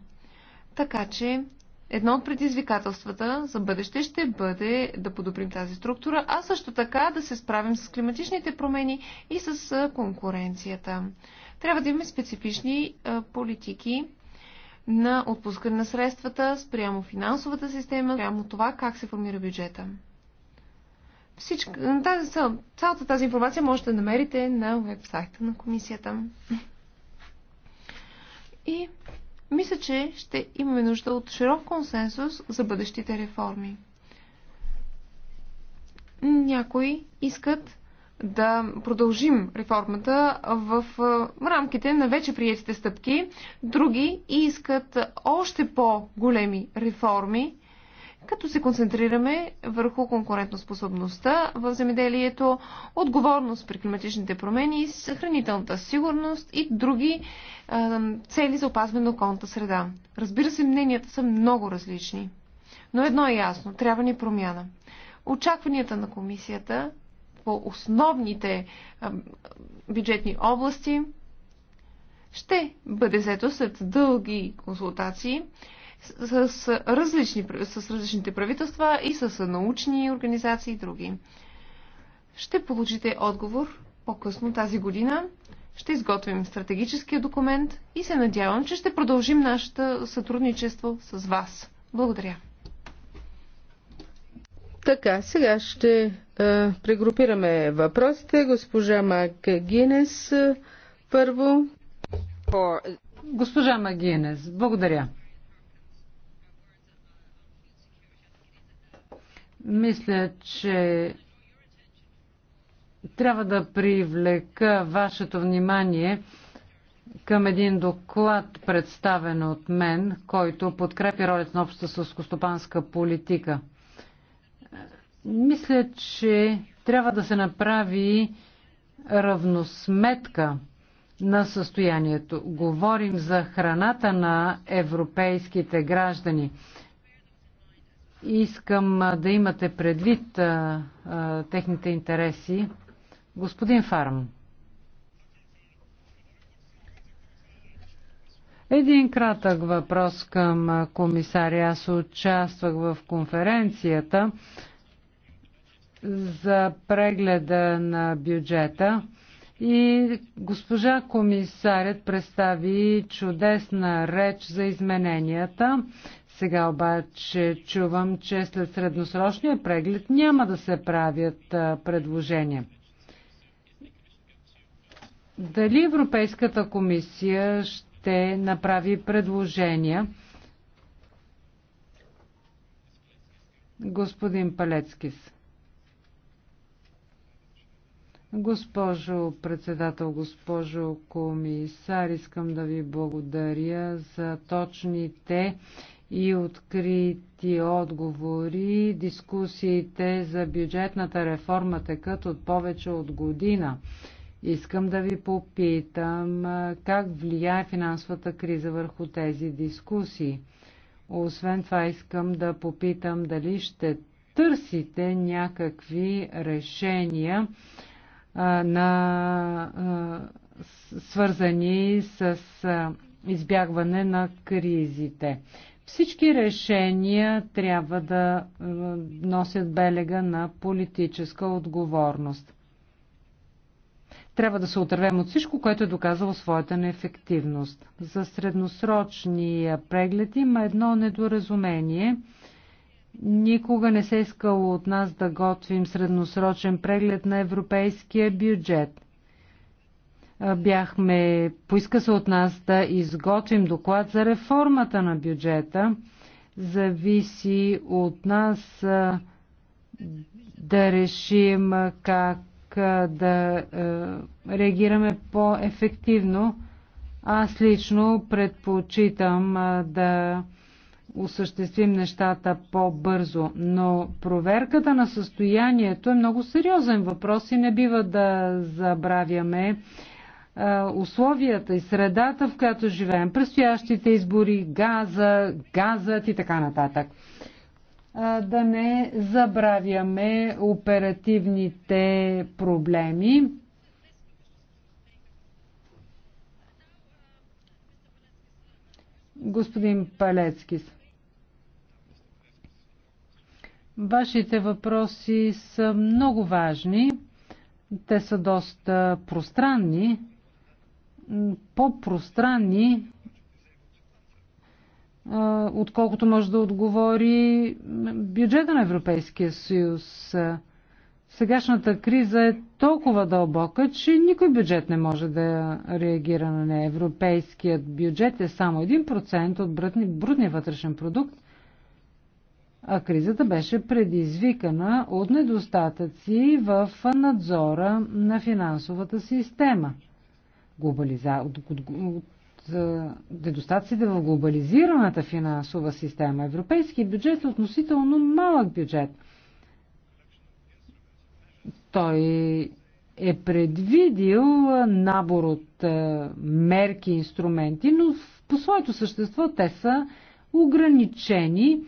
Speaker 1: Така че едно от предизвикателствата за бъдеще ще бъде да подобрим тази структура, а също така да се справим с климатичните промени и с конкуренцията. Трябва да имаме специфични политики на отпускане на средствата спрямо финансовата система, спрямо това как се формира бюджета. Всичко, тази, цялата тази информация можете да намерите на вебсайта на комисията. И мисля, че ще имаме нужда от широк консенсус за бъдещите реформи. Някои искат да продължим реформата в рамките на вече приятите стъпки. Други искат още по-големи реформи, като се концентрираме върху конкурентоспособността в земеделието, отговорност при климатичните промени, съхранителната сигурност и други цели за опазване на околната среда. Разбира се, мненията са много различни. Но едно е ясно – трябва ни промяна. Очакванията на комисията по основните бюджетни области ще бъде взето след дълги консултации с, с, различни, с различните правителства и с научни организации и други. Ще получите отговор по-късно тази година. Ще изготвим стратегическия документ и се надявам, че ще продължим нашето сътрудничество с вас. Благодаря.
Speaker 3: Така, сега ще а, прегрупираме въпросите. Госпожа Мак Гинес е, първо. Госпожа Магинес, благодаря.
Speaker 2: Мисля, че трябва да привлека вашето внимание към един доклад, представен от мен, който подкрепи ролята на общата сълскостопанска политика – мисля, че трябва да се направи равносметка на състоянието. Говорим за храната на европейските граждани. Искам да имате предвид а, а, техните интереси. Господин Фарм. Един кратък въпрос към комисаря. Аз участвах в конференцията за прегледа на бюджета и госпожа комисарят представи чудесна реч за измененията. Сега обаче чувам, че след средносрочния преглед няма да се правят предложения. Дали Европейската комисия ще направи предложения? Господин Палецкис. Госпожо председател, госпожо комисар, искам да ви благодаря за точните и открити отговори. Дискусиите за бюджетната реформа текат от повече от година. Искам да ви попитам как влияе финансовата криза върху тези дискусии. Освен това искам да попитам дали ще търсите някакви решения на, свързани с избягване на кризите. Всички решения трябва да носят белега на политическа отговорност. Трябва да се отървем от всичко, което е доказало своята неефективност. За средносрочния преглед има едно недоразумение – Никога не се е искало от нас да готвим средносрочен преглед на европейския бюджет. Бяхме, поиска се от нас да изготвим доклад за реформата на бюджета. Зависи от нас да решим как да реагираме по-ефективно. Аз лично предпочитам да осъществим нещата по-бързо. Но проверката на състоянието е много сериозен въпрос и не бива да забравяме е, условията и средата, в която живеем, предстоящите избори, газа, газът и така нататък. Е, да не забравяме оперативните проблеми. Господин Палецкис. Вашите въпроси са много важни. Те са доста пространни. По-пространни, отколкото може да отговори бюджета на Европейския съюз. Сегашната криза е толкова дълбока, че никой бюджет не може да реагира на нея. Европейският бюджет е само 1% от брутния вътрешен продукт – а кризата беше предизвикана от недостатъци в надзора на финансовата система. Глобализа... От, от, от, недостатъците в глобализираната финансова система. Европейски бюджет е относително малък бюджет. Той е предвидил набор от мерки и инструменти, но по своето същество те са ограничени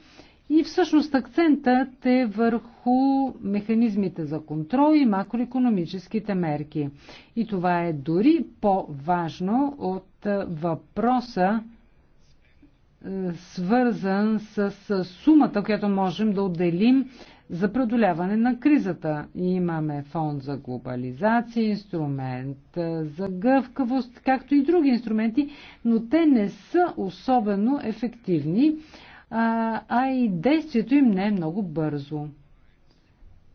Speaker 2: и всъщност акцентът е върху механизмите за контрол и макроекономическите мерки. И това е дори по-важно от въпроса, свързан с сумата, която можем да отделим за преодоляване на кризата. Имаме фонд за глобализация, инструмент за гъвкавост, както и други инструменти, но те не са особено ефективни а, а и действието им не е много бързо.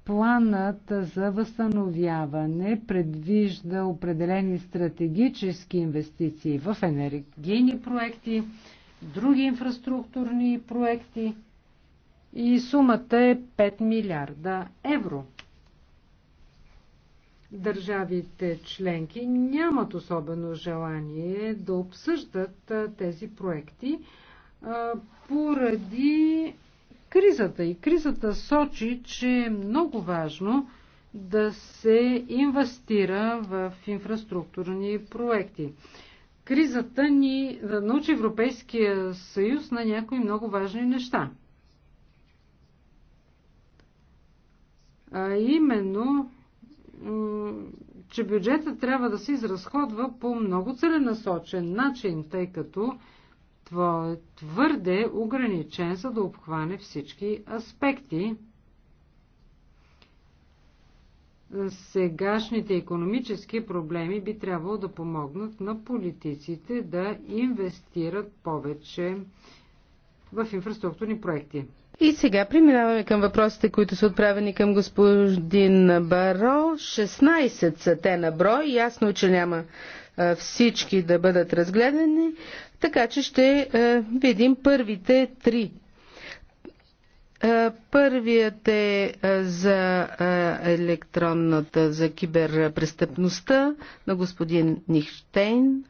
Speaker 2: Планът за възстановяване предвижда определени стратегически инвестиции в енергийни проекти, други инфраструктурни проекти и сумата е 5 милиарда евро. Държавите членки нямат особено желание да обсъждат тези проекти, поради кризата. И кризата сочи, че е много важно да се инвестира в инфраструктурни проекти. Кризата ни да научи Европейския съюз на някои много важни неща. А именно, че бюджета трябва да се изразходва по много целенасочен начин, тъй като е твърде ограничен, за да обхване всички аспекти. Сегашните економически проблеми би трябвало да помогнат на политиците да инвестират повече в инфраструктурни проекти.
Speaker 3: И сега преминаваме към въпросите, които са отправени към господин Баро. 16 са те на брой. Ясно, е, че няма всички да бъдат разгледани. Така че ще е, видим първите три. Е, първият е, е за електронната, за киберпрестъпността на господин Нихштейн.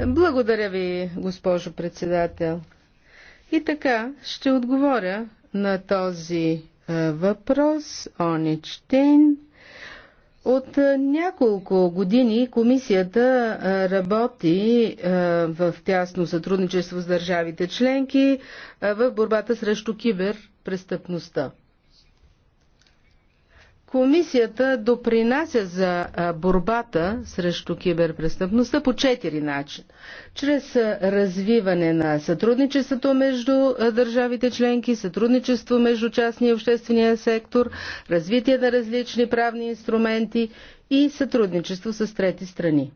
Speaker 3: Благодаря ви, госпожо председател. И така ще отговоря на този е, въпрос. Оничтейн. От е, няколко години комисията е, работи в тясно сътрудничество с държавите членки в борбата срещу киберпрестъпността. Комисията допринася за борбата срещу киберпрестъпността по четири начина. Чрез развиване на сътрудничеството между държавите членки, сътрудничество между частния и обществения сектор, развитие на различни правни инструменти и сътрудничество с трети страни.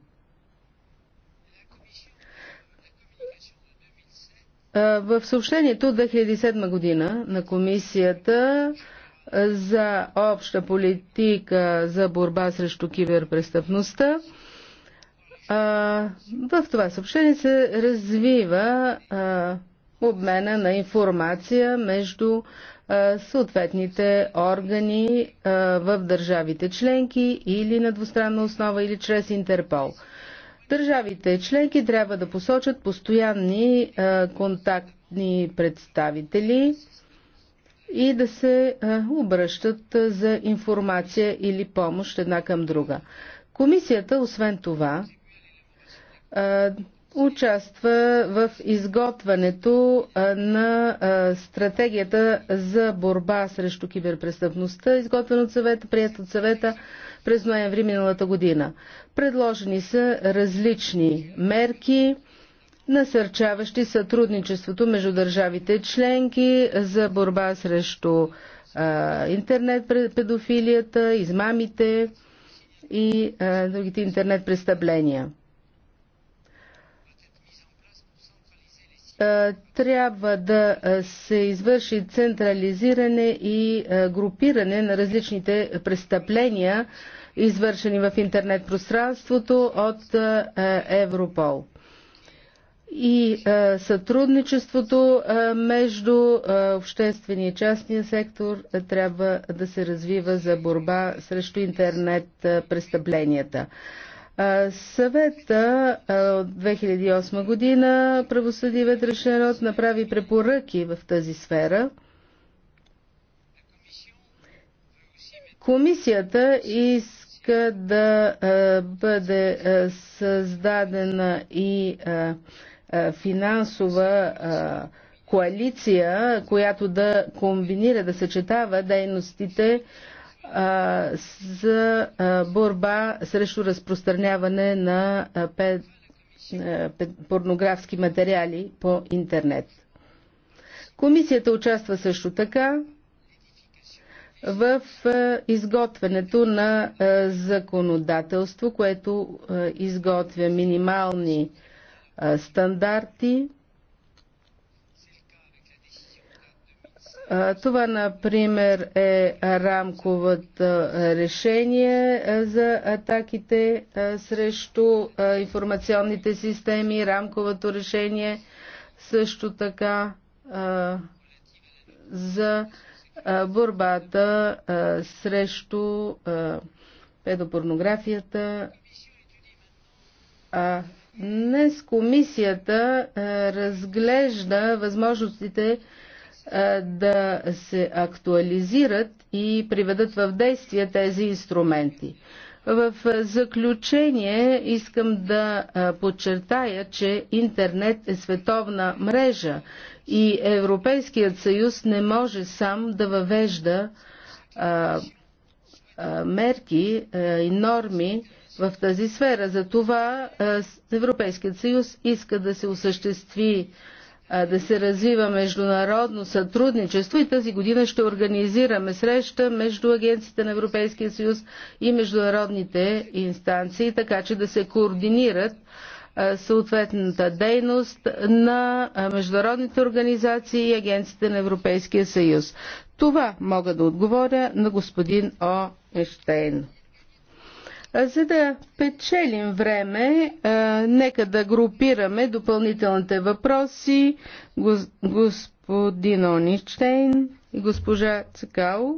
Speaker 3: В съобщението от 2007 година на комисията за обща политика за борба срещу киберпрестъпността. В това съобщение се развива обмена на информация между съответните органи в държавите членки или на двустранна основа или чрез Интерпол. Държавите членки трябва да посочат постоянни контактни представители и да се обръщат за информация или помощ една към друга. Комисията, освен това, участва в изготвянето на стратегията за борба срещу киберпрестъпността, изготвена от съвета, прият от съвета през ноември миналата година. Предложени са различни мерки, насърчаващи сътрудничеството между държавите членки за борба срещу а, интернет педофилията, измамите и а, другите интернет престъпления. трябва да се извърши централизиране и групиране на различните престъпления, извършени в интернет пространството от Европол и а, е, сътрудничеството а, е, между а, е, обществения и частния сектор а, трябва да се развива за борба срещу интернет а, престъпленията. А, съвета а, от 2008 година правосъдие вътрешен род направи препоръки в тази сфера. Комисията иска да бъде създадена и е, финансова е, коалиция, която да комбинира, да съчетава дейностите е, за борба срещу разпространяване на порнографски материали по интернет. Комисията участва също така в изготвянето на законодателство, което изготвя минимални стандарти. Това, например, е рамковото решение за атаките срещу информационните системи, рамковото решение също така за борбата срещу педопорнографията, Днес комисията е, разглежда възможностите е, да се актуализират и приведат в действие тези инструменти. В заключение искам да е, подчертая, че интернет е световна мрежа и Европейският съюз не може сам да въвежда мерки и норми, в тази сфера. Затова Европейският съюз иска да се осъществи да се развива международно сътрудничество и тази година ще организираме среща между агенциите на Европейския съюз и международните инстанции, така че да се координират съответната дейност на международните организации и агенците на Европейския съюз. Това мога да отговоря на господин О. Ештейн. За да печелим време, нека да групираме допълнителните въпроси. Господин Оничтейн и госпожа Цикао.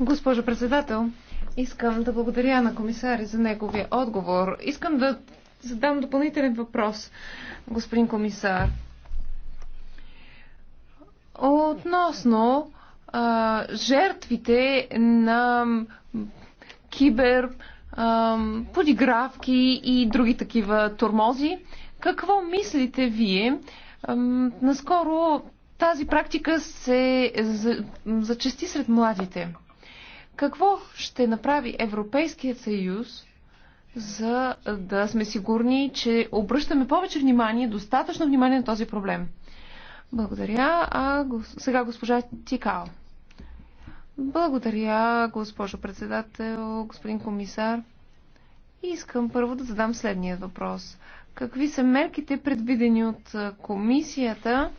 Speaker 3: Госпожо председател,
Speaker 1: искам да благодаря на комисари за неговия отговор. Искам да задам допълнителен въпрос, господин комисар. Относно а, жертвите на кибер а, подигравки и други такива тормози. Какво мислите вие? А, наскоро тази практика се зачести сред младите. Какво ще направи Европейският съюз, за да сме сигурни, че обръщаме повече внимание, достатъчно внимание на този проблем? Благодаря. А сега госпожа Тикао. Благодаря, госпожо председател, господин комисар. Искам първо да задам следния въпрос. Какви са мерките, предвидени от комисията,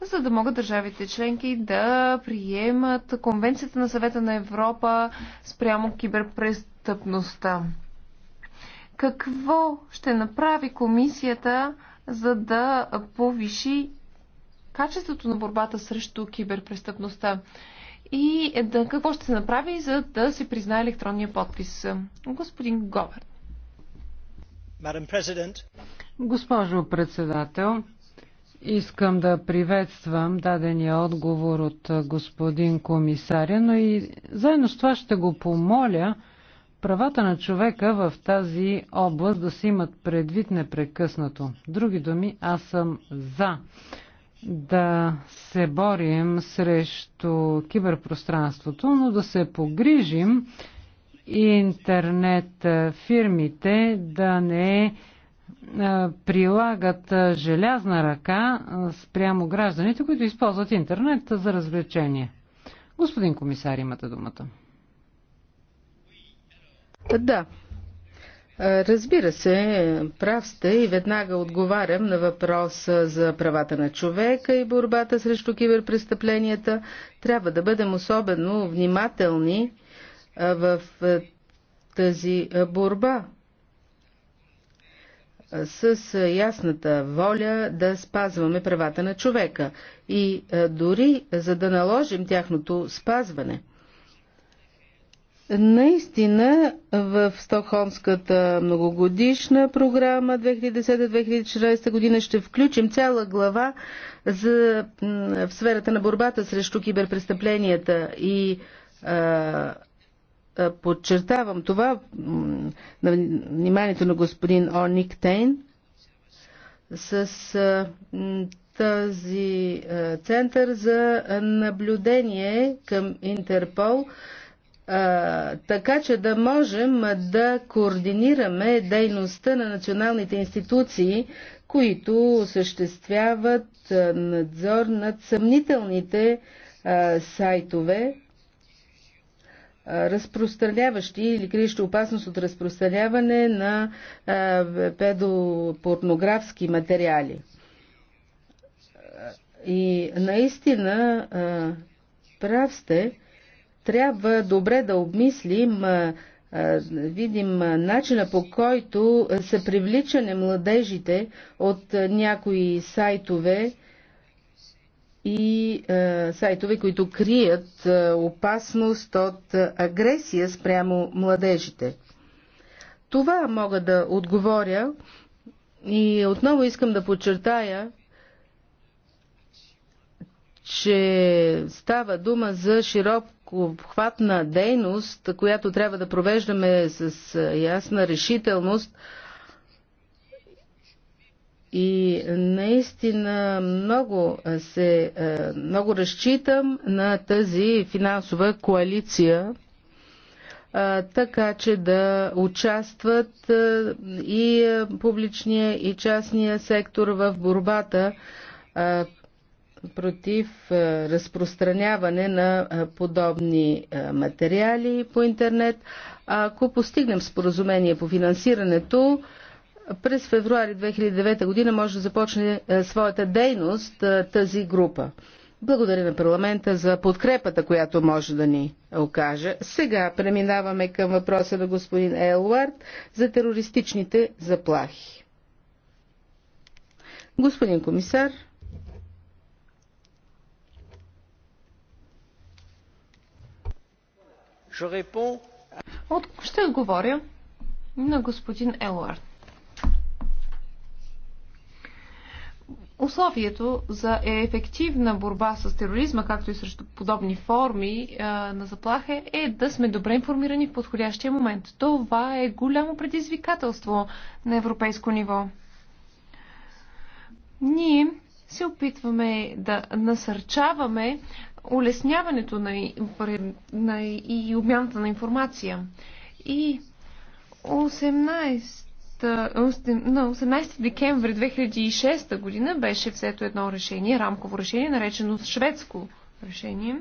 Speaker 1: за да могат държавите членки да приемат Конвенцията на съвета на Европа спрямо киберпрестъпността? Какво ще направи комисията, за да повиши качеството на борбата срещу киберпрестъпността и е, да, какво ще се направи, за да се признае електронния подпис. Господин Говер.
Speaker 2: Госпожо председател, искам да приветствам дадения отговор от господин комисаря, но и заедно с това ще го помоля правата на човека в тази област да се имат предвид непрекъснато. Други думи, аз съм за да се борим срещу киберпространството, но да се погрижим интернет фирмите да не е, прилагат желязна ръка спрямо гражданите, които използват интернет за развлечение. Господин комисар, имате думата.
Speaker 3: Да, е, разбира се, прав сте и веднага отговарям на въпроса за правата на човека и борбата срещу киберпрестъпленията. Трябва да бъдем особено внимателни е, в е, тази борба с ясната воля да спазваме правата на човека и дори за да наложим тяхното спазване – Наистина в Стокхолмската многогодишна програма 2010-2014 година ще включим цяла глава за, в сферата на борбата срещу киберпрестъпленията и а, подчертавам това на вниманието на господин Оник Тейн с а, тази а, център за наблюдение към Интерпол. А, така че да можем да координираме дейността на националните институции, които осъществяват надзор над съмнителните сайтове, разпространяващи или криещи опасност от разпространяване на педопорнографски материали. И наистина прав сте, трябва добре да обмислим, видим начина по който са привличане младежите от някои сайтове и сайтове, които крият опасност от агресия спрямо младежите. Това мога да отговоря и отново искам да подчертая, че става дума за широко обхватна дейност, която трябва да провеждаме с ясна решителност. И наистина много, се, е, много разчитам на тази финансова коалиция, е, така че да участват е, и публичния и частния сектор в борбата против е, разпространяване на е, подобни е, материали по интернет. Ако постигнем споразумение по финансирането, през февруари 2009 година може да започне своята дейност тази група. Благодаря на парламента за подкрепата, която може да ни окаже. Сега преминаваме към въпроса на господин Елуард за терористичните заплахи. Господин комисар,
Speaker 1: Ще отговоря на господин Елуард. Условието за ефективна борба с тероризма, както и срещу подобни форми а, на заплаха, е да сме добре информирани в подходящия момент. Това е голямо предизвикателство на европейско ниво. Ние се опитваме да насърчаваме улесняването на, на, и обмяната на информация. И 18, на 18 декември 2006 година беше взето едно решение, рамково решение, наречено шведско решение.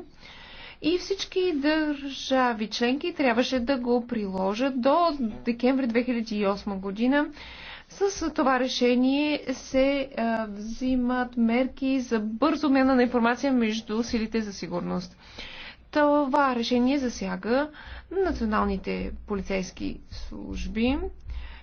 Speaker 1: И всички държави членки трябваше да го приложат до декември 2008 година с това решение се а, взимат мерки за бързо мена на информация между силите за сигурност. Това решение засяга националните полицейски служби.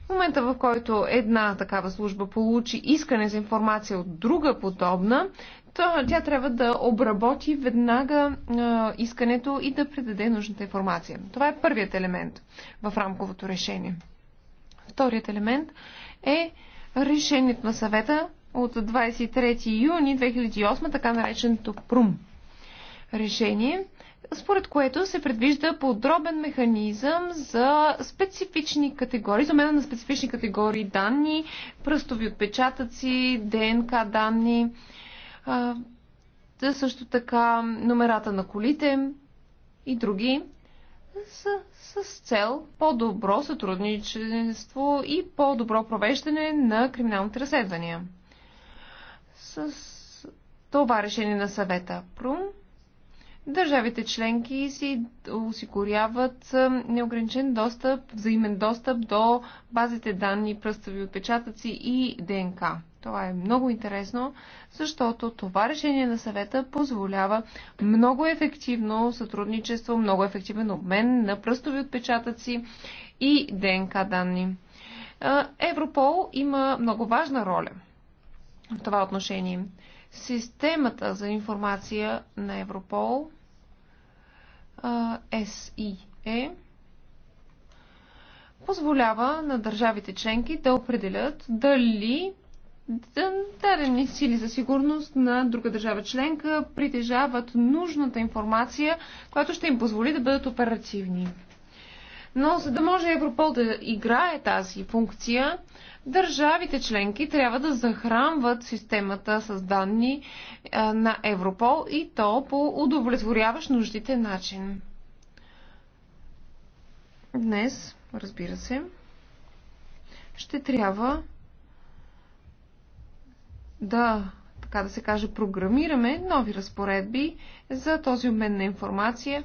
Speaker 1: В момента, в който една такава служба получи искане за информация от друга подобна, то тя трябва да обработи веднага а, искането и да предаде нужната информация. Това е първият елемент в рамковото решение. Вторият елемент е решението на съвета от 23 юни 2008, така нареченото ПРУМ решение, според което се предвижда подробен механизъм за специфични категории, за на специфични категории данни, пръстови отпечатъци, ДНК данни, също така номерата на колите и други с, с цел по-добро сътрудничество и по-добро провеждане на криминалните разследвания. С това решение на съвета ПРУМ държавите членки си осигуряват неограничен достъп, взаимен достъп до базите данни, пръстови отпечатъци и ДНК. Това е много интересно, защото това решение на съвета позволява много ефективно сътрудничество, много ефективен обмен на пръстови отпечатъци и ДНК данни. Европол има много важна роля в това отношение. Системата за информация на Европол SIE позволява на държавите членки да определят дали дадени сили за сигурност на друга държава членка притежават нужната информация, която ще им позволи да бъдат оперативни. Но за да може Европол да играе тази функция, държавите членки трябва да захранват системата с данни е, на Европол и то по удовлетворяващ нуждите начин. Днес, разбира се, ще трябва да, така да се каже, програмираме нови разпоредби за този обмен на информация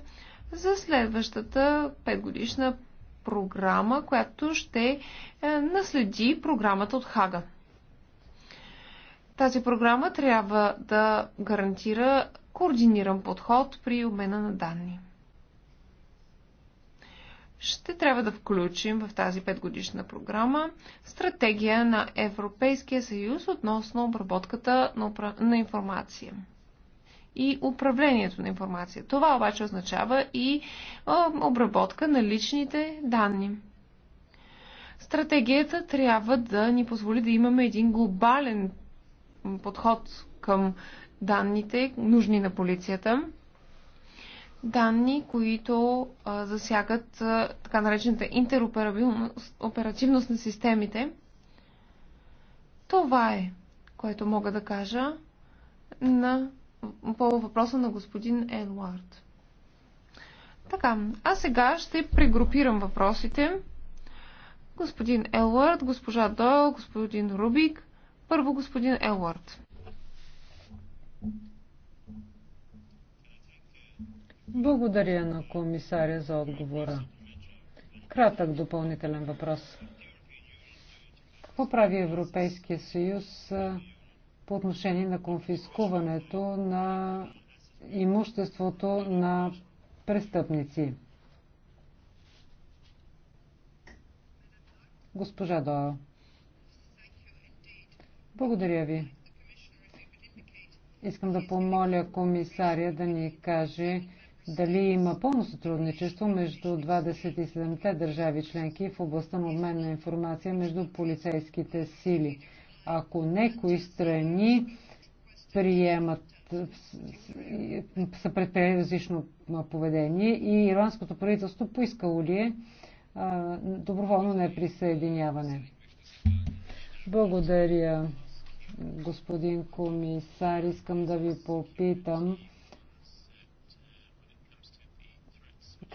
Speaker 1: за следващата петгодишна програма, която ще е, наследи програмата от Хага. Тази програма трябва да гарантира координиран подход при обмена на данни ще трябва да включим в тази петгодишна програма стратегия на Европейския съюз относно обработката на, упра... на информация и управлението на информация. Това обаче означава и обработка на личните данни. Стратегията трябва да ни позволи да имаме един глобален подход към данните, нужни на полицията данни, които а, засягат а, така наречената интероперативност на системите. Това е, което мога да кажа на, по въпроса на господин Едуард. Така, а сега ще прегрупирам въпросите. Господин Елвард, госпожа Дойл, господин Рубик. Първо господин Елвард.
Speaker 2: Благодаря на комисаря за отговора. Кратък допълнителен въпрос. Какво прави Европейския съюз по отношение на конфискуването на имуществото на престъпници? Госпожа Доа. Благодаря ви. Искам да помоля комисаря да ни каже дали има пълно сътрудничество между 27-те държави членки в областта на обмен на информация между полицейските сили. Ако некои страни приемат са предприели различно поведение и иранското правителство поискало ли е доброволно неприсъединяване. Благодаря, господин комисар. Искам да ви попитам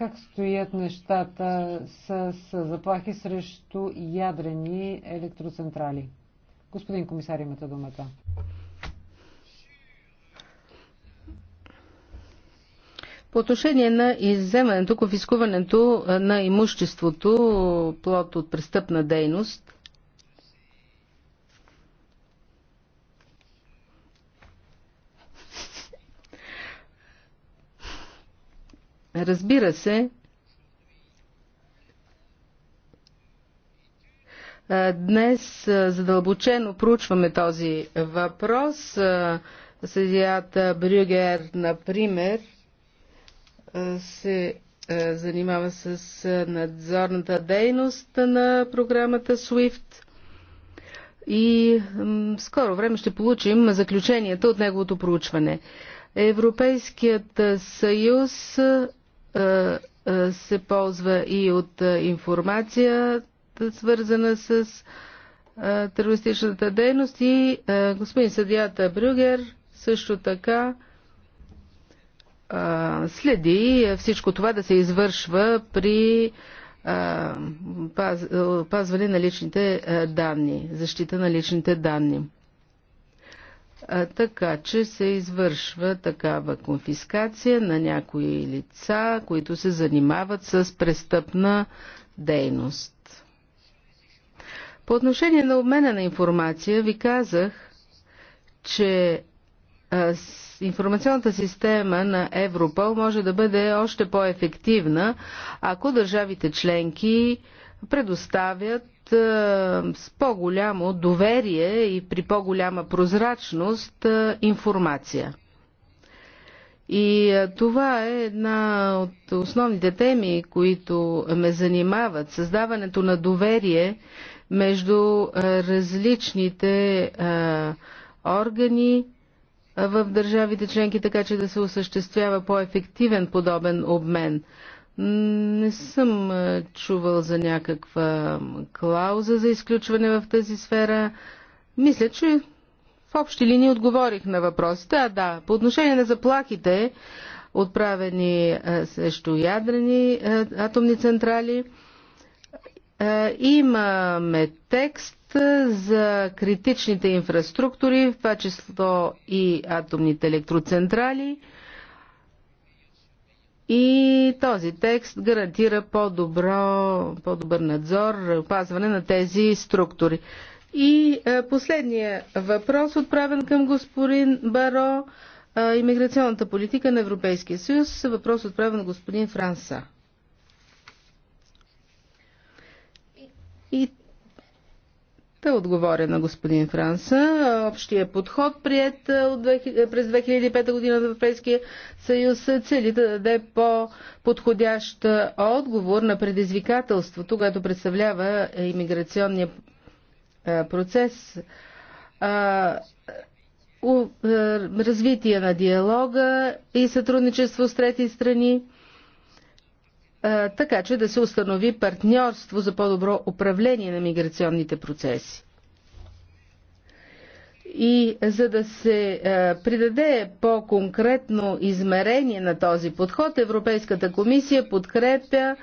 Speaker 2: как стоят нещата с, с заплахи срещу ядрени електроцентрали. Господин комисар, имате думата.
Speaker 3: По отношение на изземането, конфискуването на имуществото, плод от престъпна дейност, Разбира се, Днес задълбочено проучваме този въпрос. Съдията Брюгер, например, се занимава с надзорната дейност на програмата SWIFT и скоро време ще получим заключенията от неговото проучване. Европейският съюз се ползва и от информация, свързана с терористичната дейност и господин съдията Брюгер също така следи всичко това да се извършва при пазване на личните данни, защита на личните данни така че се извършва такава конфискация на някои лица, които се занимават с престъпна дейност. По отношение на обмена на информация ви казах, че информационната система на Европол може да бъде още по-ефективна, ако държавите членки предоставят е, с по-голямо доверие и при по-голяма прозрачност е, информация. И е, това е една от основните теми, които ме занимават. Създаването на доверие между различните органи в държавите членки, така че да се осъществява по-ефективен подобен обмен. Не съм чувал за някаква клауза за изключване в тази сфера. Мисля, че в общи линии отговорих на въпросите. А да, по отношение на заплахите, отправени срещу ядрени атомни централи, имаме текст за критичните инфраструктури, в това число и атомните електроцентрали. И този текст гарантира по-добро, по-добър надзор, опазване на тези структури. И е, последния въпрос, отправен към господин Баро, е, иммиграционната политика на Европейския съюз, въпрос отправен на господин Франса. И да отговоря на господин Франса. Общия подход, прият през 2005 година в Европейския съюз, цели да даде по-подходящ отговор на предизвикателството, което представлява иммиграционния процес. Развитие на диалога и сътрудничество с трети страни – така че да се установи партньорство за по-добро управление на миграционните процеси. И за да се придаде по-конкретно измерение на този подход, Европейската комисия подкрепя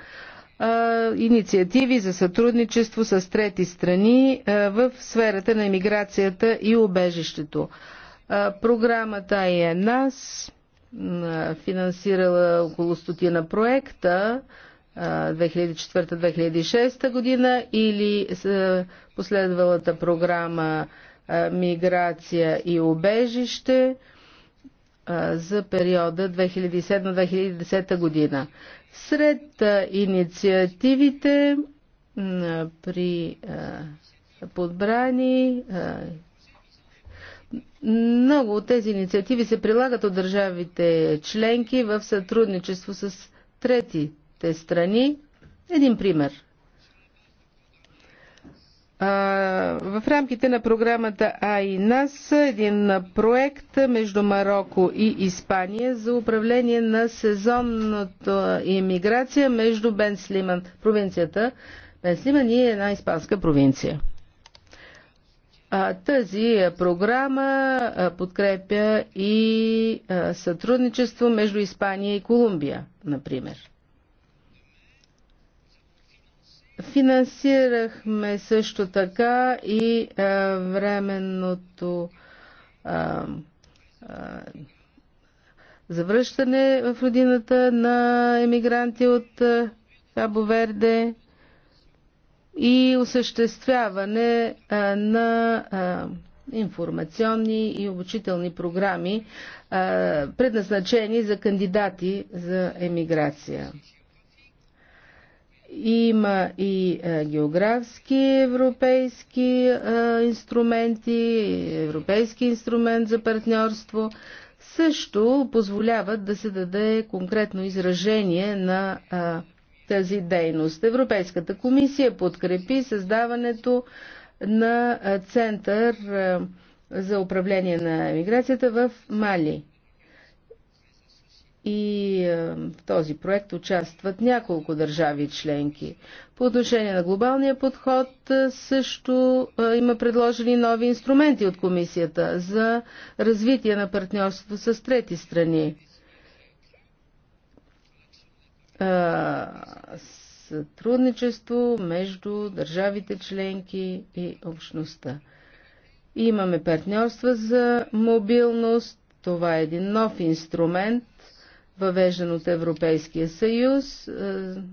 Speaker 3: инициативи за сътрудничество с трети страни в сферата на иммиграцията и убежището. Програмата е нас финансирала около стотина проекта 2004-2006 година или последвалата програма Миграция и обежище за периода 2007-2010 година. Сред инициативите при подбрани много от тези инициативи се прилагат от държавите членки в сътрудничество с третите страни. Един пример. В рамките на програмата АИНАС един проект между Марокко и Испания за управление на сезонната иммиграция между Бен Слиман, провинцията Бен Слиман и една испанска провинция. Тази програма подкрепя и сътрудничество между Испания и Колумбия, например. Финансирахме също така и временното завръщане в родината на емигранти от Кабо Верде, и осъществяване на информационни и обучителни програми, предназначени за кандидати за емиграция. Има и географски европейски инструменти, европейски инструмент за партньорство, също позволяват да се даде конкретно изражение на тази дейност. Европейската комисия подкрепи създаването на Център за управление на миграцията в Мали. И в този проект участват няколко държави членки. По отношение на глобалния подход също има предложени нови инструменти от комисията за развитие на партньорство с трети страни сътрудничество между държавите членки и общността. Имаме партньорства за мобилност. Това е един нов инструмент, въвеждан от Европейския съюз.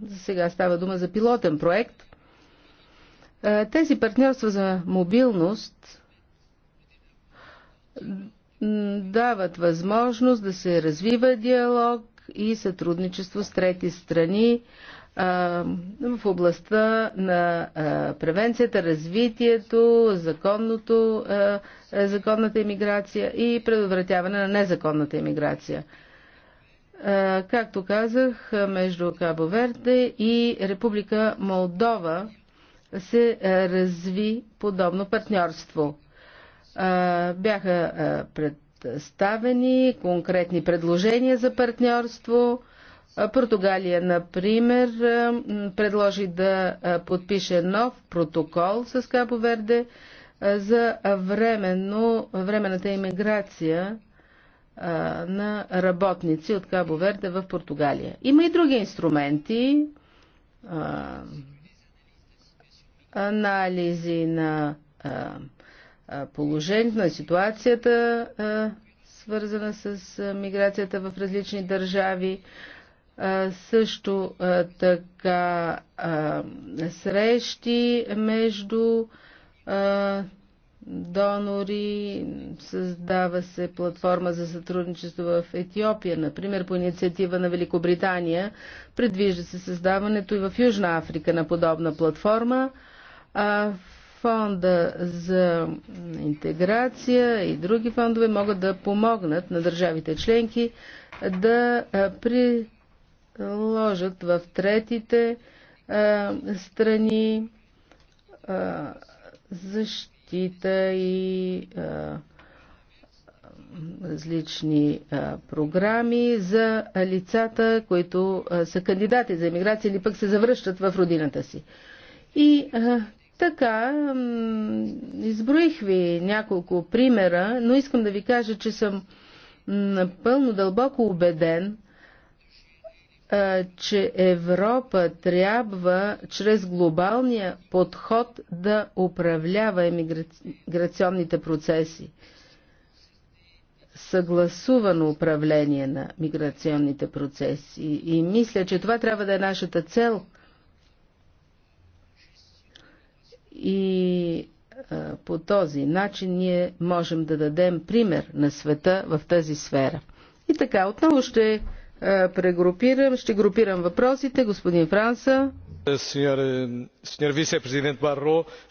Speaker 3: За сега става дума за пилотен проект. Тези партньорства за мобилност дават възможност да се развива диалог и сътрудничество с трети страни в областта на превенцията, развитието, законното, законната иммиграция и предотвратяване на незаконната иммиграция. Както казах, между Кабо Верде и Република Молдова се разви подобно партньорство. Бяха пред представени конкретни предложения за партньорство. Португалия, например, предложи да подпише нов протокол с Кабо Верде за временно, времената иммиграция на работници от Кабо Верде в Португалия. Има и други инструменти, анализи на положението на ситуацията, свързана с миграцията в различни държави. Също така срещи между донори, създава се платформа за сътрудничество в Етиопия, например по инициатива на Великобритания. Предвижда се създаването и в Южна Африка на подобна платформа. в фонда за интеграция и други фондове могат да помогнат на държавите членки да приложат в третите страни защита и различни програми за лицата, които са кандидати за иммиграция или пък се завръщат в родината си. И така, изброих ви няколко примера, но искам да ви кажа, че съм напълно дълбоко убеден, че Европа трябва чрез глобалния подход да управлява емиграционните процеси. Съгласувано управление на миграционните процеси. И мисля, че това трябва да е нашата цел – И по този начин ние можем да дадем пример на света в тази сфера. И така, отново ще прегрупирам, ще групирам въпросите. Господин Франса.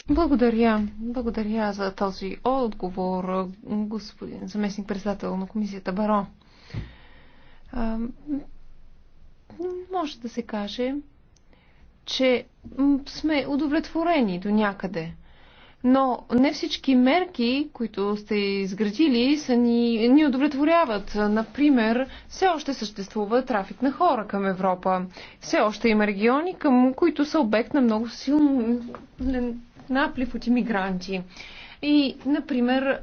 Speaker 3: Благодаря. Благодаря за този отговор,
Speaker 1: господин заместник председател на комисията Баро. Може да се каже, че сме удовлетворени до някъде. Но не всички мерки, които сте изградили, са ни, ни удовлетворяват. Например, все още съществува трафик на хора към Европа. Все още има региони, към които са обект на много силен наплив от иммигранти. И, например,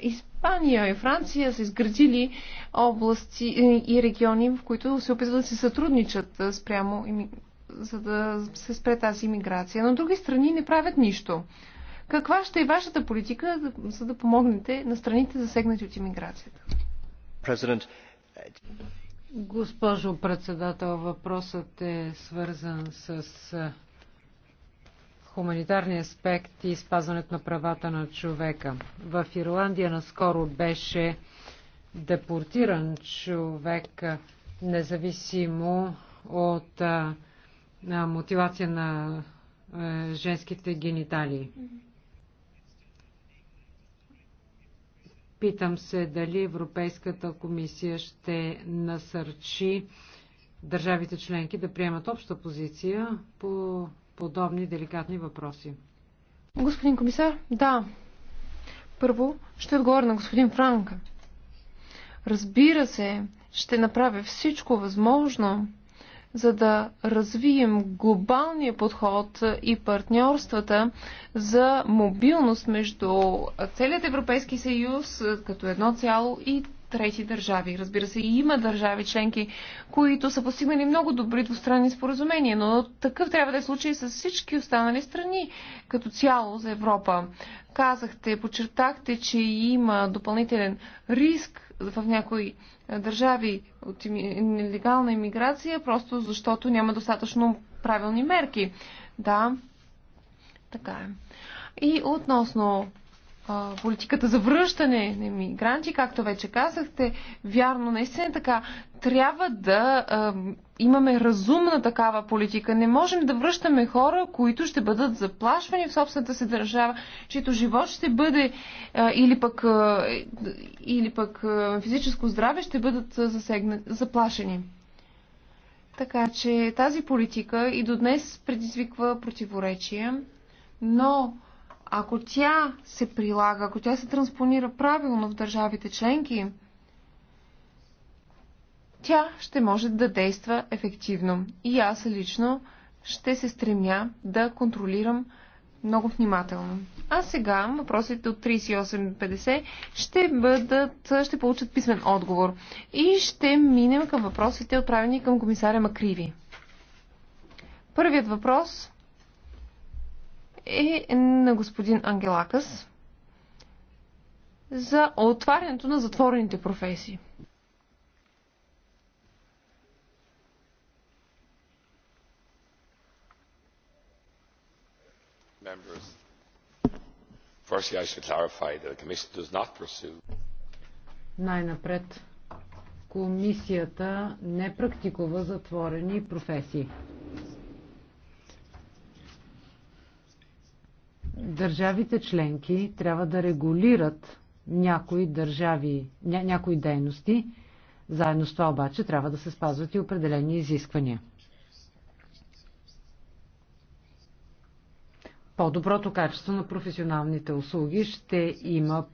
Speaker 1: Испания и Франция са изградили области и региони, в които се опитват да се сътрудничат спрямо за да се спре тази иммиграция. Но други страни не правят нищо. Каква ще е вашата политика, за да помогнете на страните засегнати от иммиграцията?
Speaker 2: Госпожо председател, въпросът е свързан с хуманитарния аспект и спазването на правата на човека. В Ирландия наскоро беше депортиран човек, независимо от а, на мутилация на е, женските гениталии. Питам се дали Европейската комисия ще насърчи държавите членки да приемат обща позиция по подобни деликатни въпроси.
Speaker 1: Господин комисар, да. Първо ще отговоря на господин Франка. Разбира се, ще направя всичко възможно за да развием глобалния подход и партньорствата за мобилност между целият Европейски съюз като едно цяло и трети държави. Разбира се, и има държави членки, които са постигнали много добри двустранни споразумения, но такъв трябва да е случай с всички останали страни като цяло за Европа. Казахте, подчертахте, че има допълнителен риск в някои е, държави от нелегална иммиграция, просто защото няма достатъчно правилни мерки. Да, така е. И относно политиката за връщане на мигранти, както вече казахте, вярно, наистина е така. Трябва да а, имаме разумна такава политика. Не можем да връщаме хора, които ще бъдат заплашвани в собствената си държава, чието живот ще бъде а, или пък, а, или пък а, физическо здраве ще бъдат засегнат, заплашени. Така че тази политика и до днес предизвиква противоречия, но ако тя се прилага, ако тя се транспонира правилно в държавите членки, тя ще може да действа ефективно. И аз лично ще се стремя да контролирам много внимателно. А сега въпросите от 3850 ще бъдат, ще получат писмен отговор. И ще минем към въпросите, отправени към комисаря Макриви. Първият въпрос е на господин Ангелакас за отварянето на затворените професии.
Speaker 2: Най-напред, комисията не практикува затворени професии. Държавите членки трябва да регулират някои държави, ня, някои дейности. Заедно с това обаче трябва да се спазват и определени изисквания. По-доброто качество на професионалните услуги ще има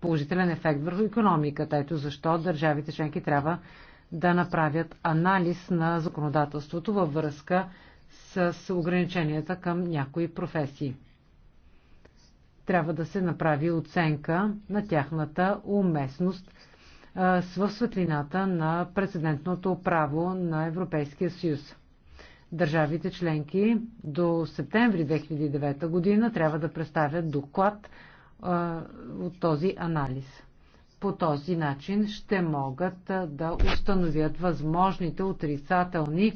Speaker 2: положителен ефект върху економиката. Ето защо държавите членки трябва да направят анализ на законодателството във връзка с ограниченията към някои професии трябва да се направи оценка на тяхната уместност в светлината на прецедентното право на Европейския съюз. Държавите членки до септември 2009 година трябва да представят доклад от този анализ. По този начин ще могат да установят възможните отрицателни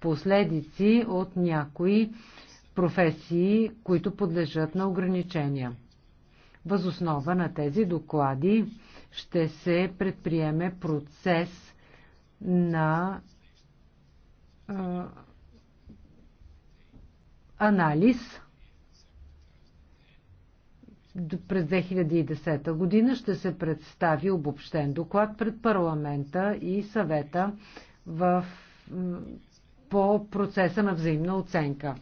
Speaker 2: последици от някои професии, които подлежат на ограничения. Възоснова на тези доклади ще се предприеме процес на а, анализ през 2010 година ще се представи обобщен доклад пред парламента и съвета в, по процеса на взаимна оценка.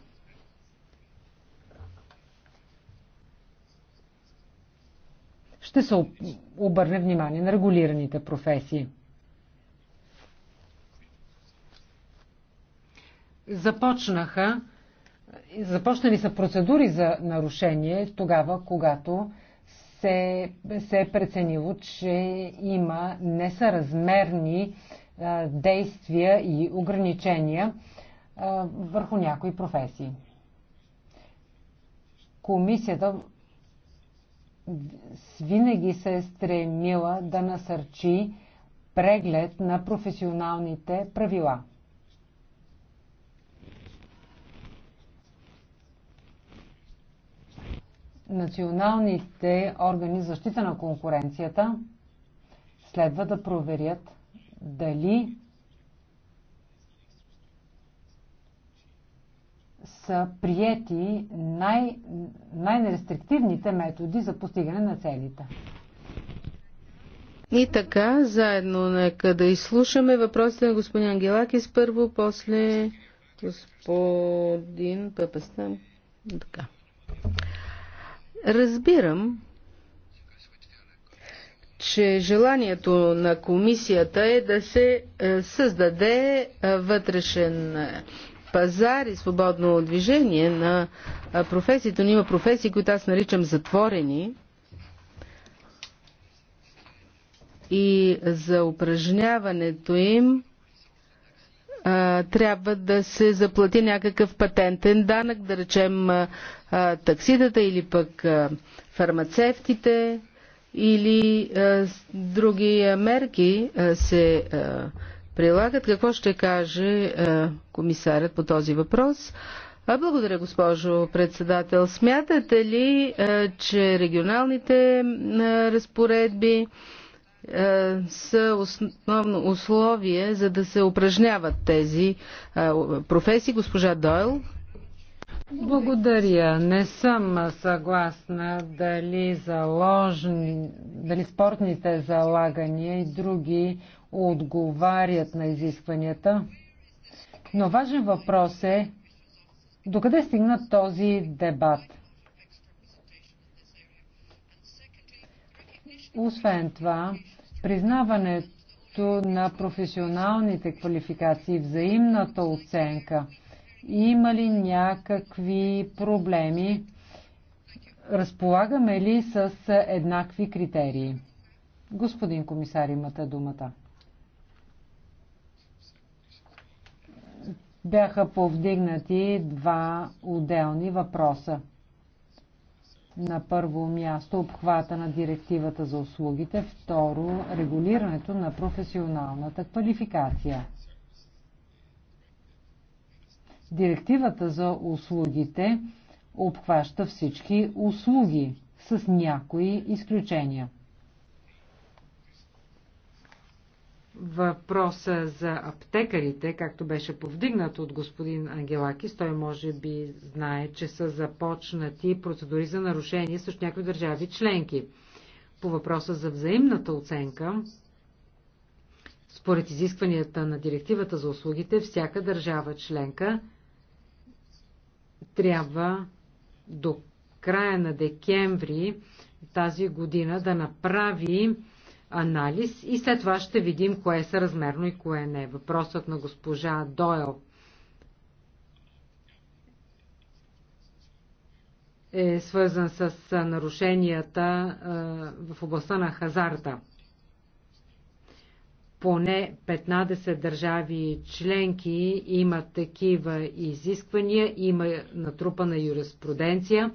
Speaker 2: ще се обърне внимание на регулираните професии. Започнаха, започнали са процедури за нарушение тогава, когато се, се е преценило, че има несъразмерни а, действия и ограничения а, върху някои професии. Комисията винаги се е стремила да насърчи преглед на професионалните правила. Националните органи защита на конкуренцията следва да проверят дали са приети най- най-нерестриктивните методи за постигане на целите.
Speaker 3: И така, заедно нека да изслушаме въпросите на господин Ангелакис първо, после господин Пъпестам. Така. Разбирам, че желанието на комисията е да се е, създаде е, вътрешен е, пазар и свободно движение на професиите, но има професии, които аз наричам затворени. И за упражняването им а, трябва да се заплати някакъв патентен данък, да речем а, такситата или пък а, фармацевтите или а, други мерки а, се. А, прилагат. Какво ще каже е, комисарят по този въпрос? А благодаря, госпожо председател. Смятате ли, е, че регионалните е, разпоредби са основно условие за да се упражняват тези професии? Госпожа Дойл.
Speaker 2: Благодаря. Не съм съгласна дали, заложни, дали спортните залагания и други отговарят на изискванията. Но важен въпрос е докъде стигна този дебат. Освен това, признаването на професионалните квалификации, взаимната оценка, има ли някакви проблеми? Разполагаме ли с еднакви критерии? Господин комисар, имате думата. бяха повдигнати два отделни въпроса. На първо място обхвата на директивата за услугите, второ регулирането на професионалната квалификация. Директивата за услугите обхваща всички услуги с някои изключения. въпроса за аптекарите, както беше повдигнат от господин Ангелакис, той може би знае, че са започнати процедури за нарушение с някои държави членки. По въпроса за взаимната оценка, според изискванията на директивата за услугите, всяка държава членка трябва до края на декември тази година да направи анализ и след това ще видим кое е съразмерно и кое не. Въпросът на госпожа Дойл е свързан с нарушенията в областта на хазарта. Поне 15 държави членки имат такива изисквания, има натрупана юриспруденция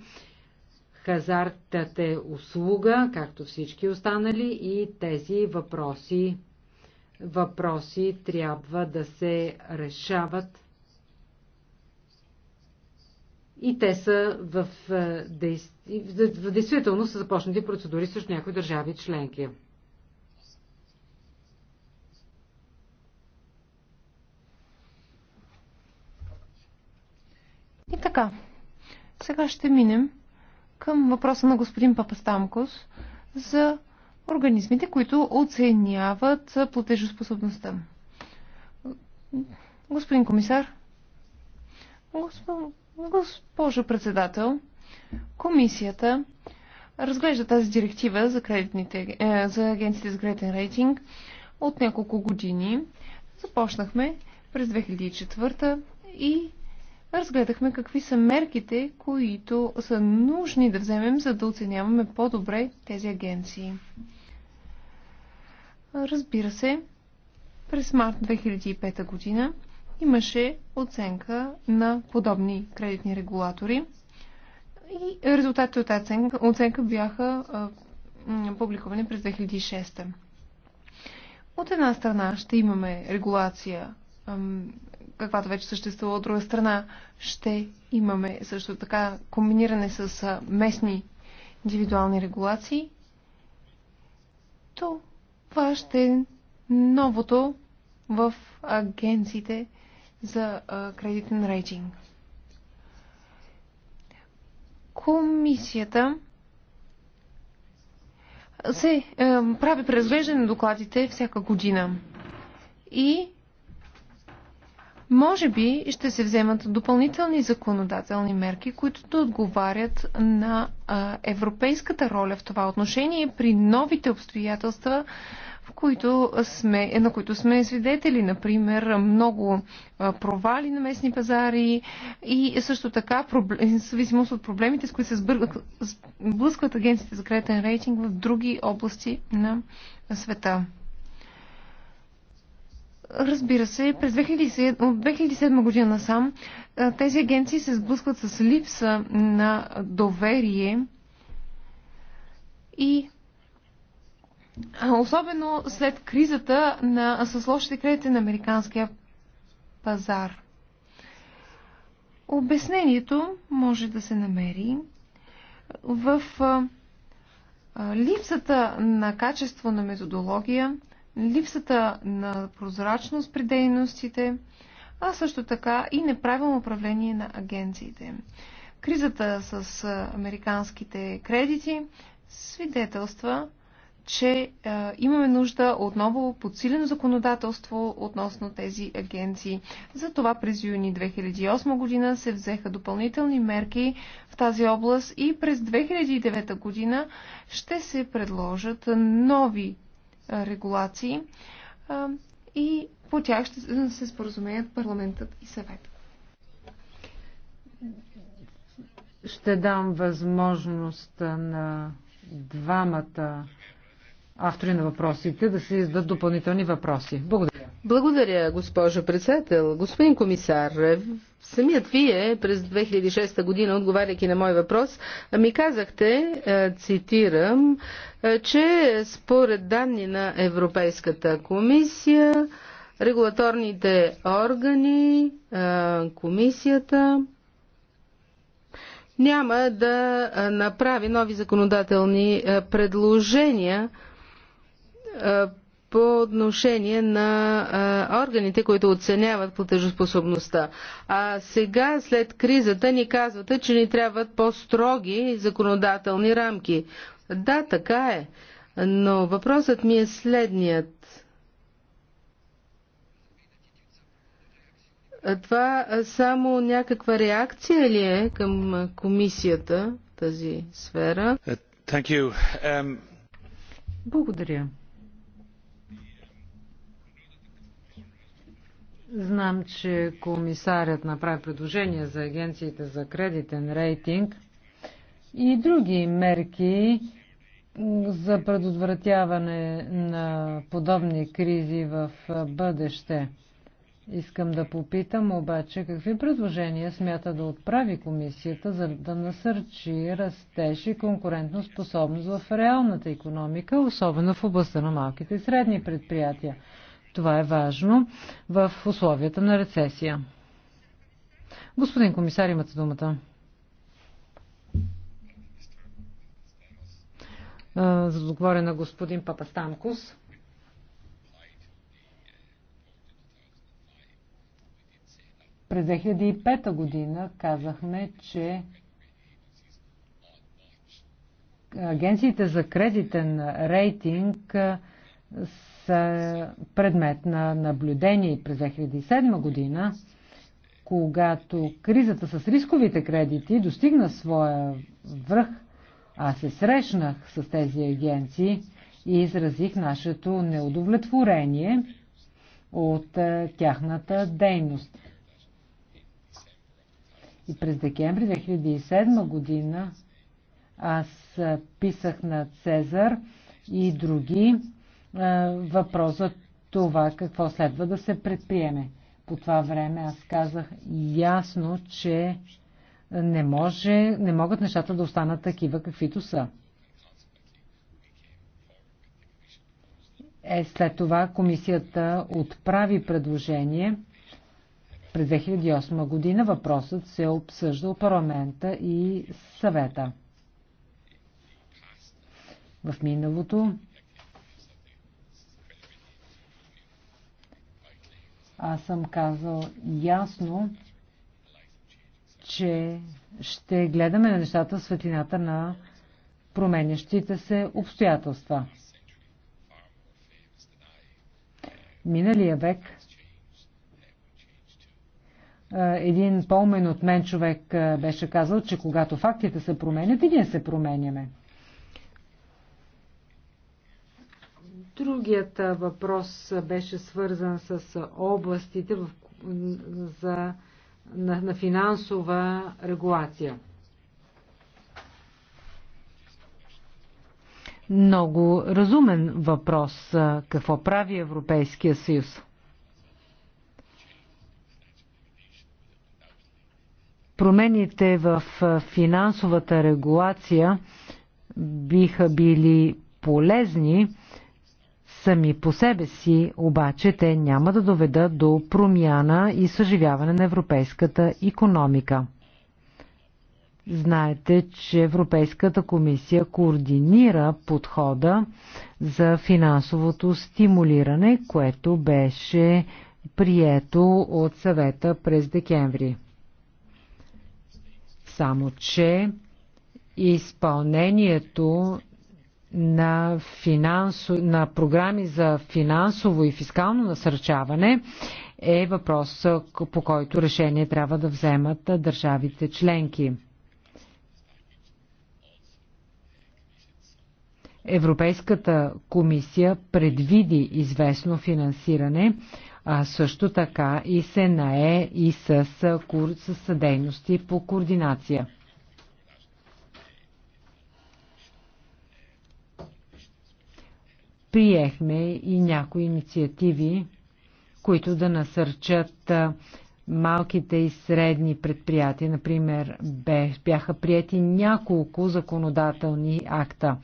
Speaker 2: Казартът е услуга, както всички останали, и тези въпроси, въпроси трябва да се решават. И те са в, е, действ... в действителност са започнати процедури срещу някои държави членки.
Speaker 1: И така, сега ще минем към въпроса на господин Папастамкос за организмите, които оценяват платежоспособността. Господин комисар, госпожо, председател, комисията разглежда тази директива за, кредитните, е, за агенциите за кредитен рейтинг от няколко години. Започнахме през 2004 и разгледахме какви са мерките, които са нужни да вземем, за да оценяваме по-добре тези агенции. Разбира се, през март 2005 година имаше оценка на подобни кредитни регулатори и резултатите от тази оценка, оценка бяха а, публикувани през 2006. От една страна ще имаме регулация каквато вече съществува от друга страна. Ще имаме също така комбиниране с местни индивидуални регулации. Това ще е новото в агенциите за кредитен рейтинг. Комисията се е, прави преразглеждане на докладите всяка година. И може би ще се вземат допълнителни законодателни мерки, които да отговарят на европейската роля в това отношение при новите обстоятелства, в които сме, на които сме свидетели, например, много провали на местни пазари и също така в зависимост от проблемите, с които се сблъскват агенциите за кредитен рейтинг в други области на света. Разбира се, през 2007, 2007 година сам тези агенции се сблъскват с липса на доверие и особено след кризата на, с лошите кредити на американския пазар. Обяснението може да се намери в липсата на качество на методология, липсата на прозрачност при дейностите, а също така и неправилно управление на агенциите. Кризата с американските кредити свидетелства, че е, имаме нужда отново подсилено законодателство относно тези агенции. Затова през юни 2008 година се взеха допълнителни мерки в тази област и през 2009 година ще се предложат нови регулации и по тях ще се споразумеят парламентът и съвет.
Speaker 2: Ще дам възможност на двамата автори на въпросите да се издадат допълнителни въпроси. Благодаря.
Speaker 3: Благодаря, госпожо председател. Господин комисар, е, самият вие през 2006 година, отговаряйки на мой въпрос, ми казахте, е, цитирам, е, че според данни на Европейската комисия, регулаторните органи, комисията, няма да направи нови законодателни предложения по отношение на органите, които оценяват платежоспособността. А сега, след кризата, ни казвате, че ни трябват по-строги законодателни рамки. Да, така е. Но въпросът ми е следният. Това само някаква реакция ли е към комисията в тази сфера?
Speaker 2: Um, Благодаря. Знам, че комисарят направи предложение за агенциите за кредитен рейтинг и други мерки за предотвратяване на подобни кризи в бъдеще. Искам да попитам обаче какви предложения смята да отправи комисията, за да насърчи растеж и конкурентно способност в реалната економика, особено в областта на малките и средни предприятия. Това е важно в условията на рецесия. Господин комисар, имате думата. За договоря отговоря на господин Папастамкос. През 2005 година казахме, че агенциите за кредитен рейтинг с предмет на наблюдение през 2007 година, когато кризата с рисковите кредити достигна своя връх, аз се срещнах с тези агенции и изразих нашето неудовлетворение от е, тяхната дейност. И през декември 2007 година аз е, писах на Цезар и други е, въпрос за това какво следва да се предприеме. По това време аз казах ясно, че не, може, не могат нещата да останат такива, каквито са. Е, след това комисията отправи предложение през 2008 година. Въпросът се обсъжда от парламента и съвета. В миналото Аз съм казал ясно, че ще гледаме на нещата в светлината на променящите се обстоятелства. Миналия век един по-умен от мен човек беше казал, че когато фактите се променят, и ние се променяме. Другият въпрос беше свързан с областите в, за, на, на финансова регулация. Много разумен въпрос. Какво прави Европейския съюз? Промените в финансовата регулация биха били полезни Сами по себе си обаче те няма да доведат до промяна и съживяване на европейската економика. Знаете, че Европейската комисия координира подхода за финансовото стимулиране, което беше прието от съвета през декември. Само, че изпълнението на, финансо, на програми за финансово и фискално насърчаване е въпрос, по който решение трябва да вземат държавите членки. Европейската комисия предвиди известно финансиране, а също така и се нае и с, с, с дейности по координация. приехме и някои инициативи, които да насърчат малките и средни предприятия. Например, бяха приети няколко законодателни акта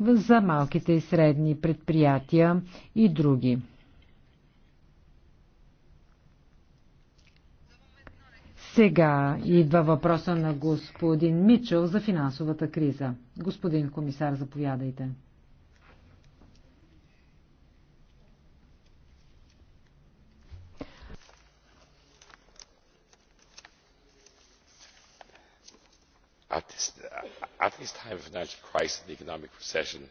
Speaker 2: за малките и средни предприятия и други. Сега идва въпроса на господин Мичел за финансовата криза. Господин комисар, заповядайте.
Speaker 3: at this time of financial crisis and economic recession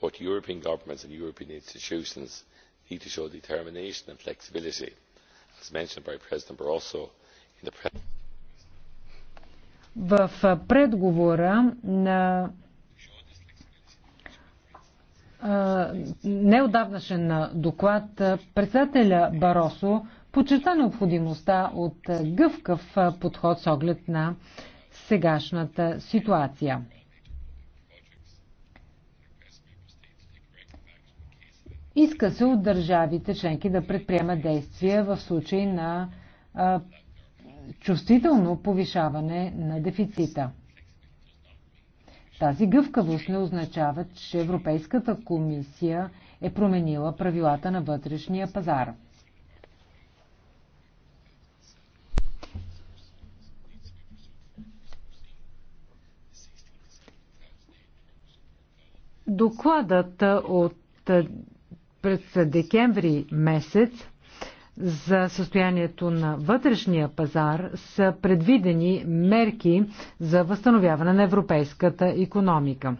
Speaker 3: both european governments and european institutions need to show determination and flexibility as mentioned by president barroso in the
Speaker 2: в предговора на неодавнашен доклад председателя Баросо подчерта необходимостта от гъвкав подход с оглед на сегашната ситуация. Иска се от държавите членки да предприемат действия в случай на а, чувствително повишаване на дефицита. Тази гъвкавост не означава, че Европейската комисия е променила правилата на вътрешния пазар. Докладът от пред декември месец за състоянието на вътрешния пазар са предвидени мерки за възстановяване на европейската економика.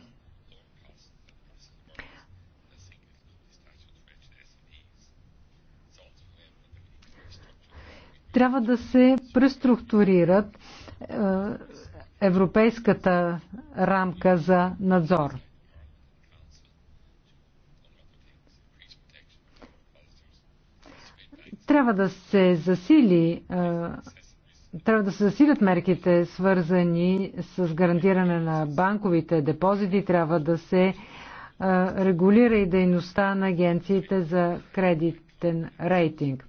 Speaker 2: Трябва да се преструктурират европейската рамка за надзор. Трябва да се засили трябва да се засилят мерките, свързани с гарантиране на банковите депозити, трябва да се регулира и дейността на агенциите за кредитен рейтинг.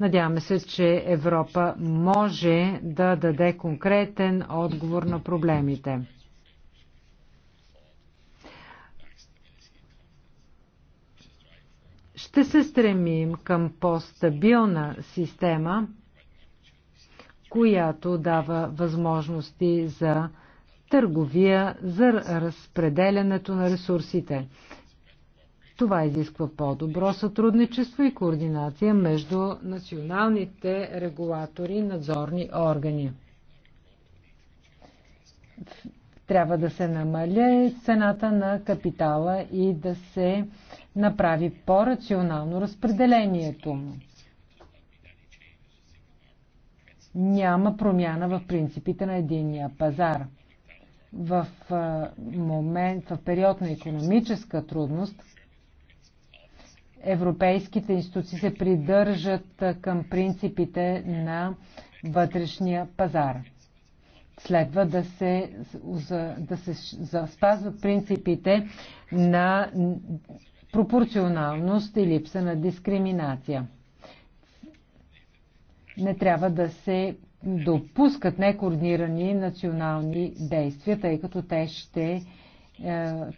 Speaker 2: Надяваме се, че Европа може да даде конкретен отговор на проблемите. ще се стремим към по-стабилна система, която дава възможности за търговия, за разпределянето на ресурсите. Това изисква по-добро сътрудничество и координация между националните регулатори и надзорни органи. Трябва да се намаля цената на капитала и да се направи по-рационално разпределението му. Няма промяна в принципите на единия пазар. В, момент, в период на економическа трудност европейските институции се придържат към принципите на вътрешния пазар. Следва да се, да се спазват принципите на пропорционалност и липса на дискриминация. Не трябва да се допускат некоординирани национални действия, тъй като те ще е,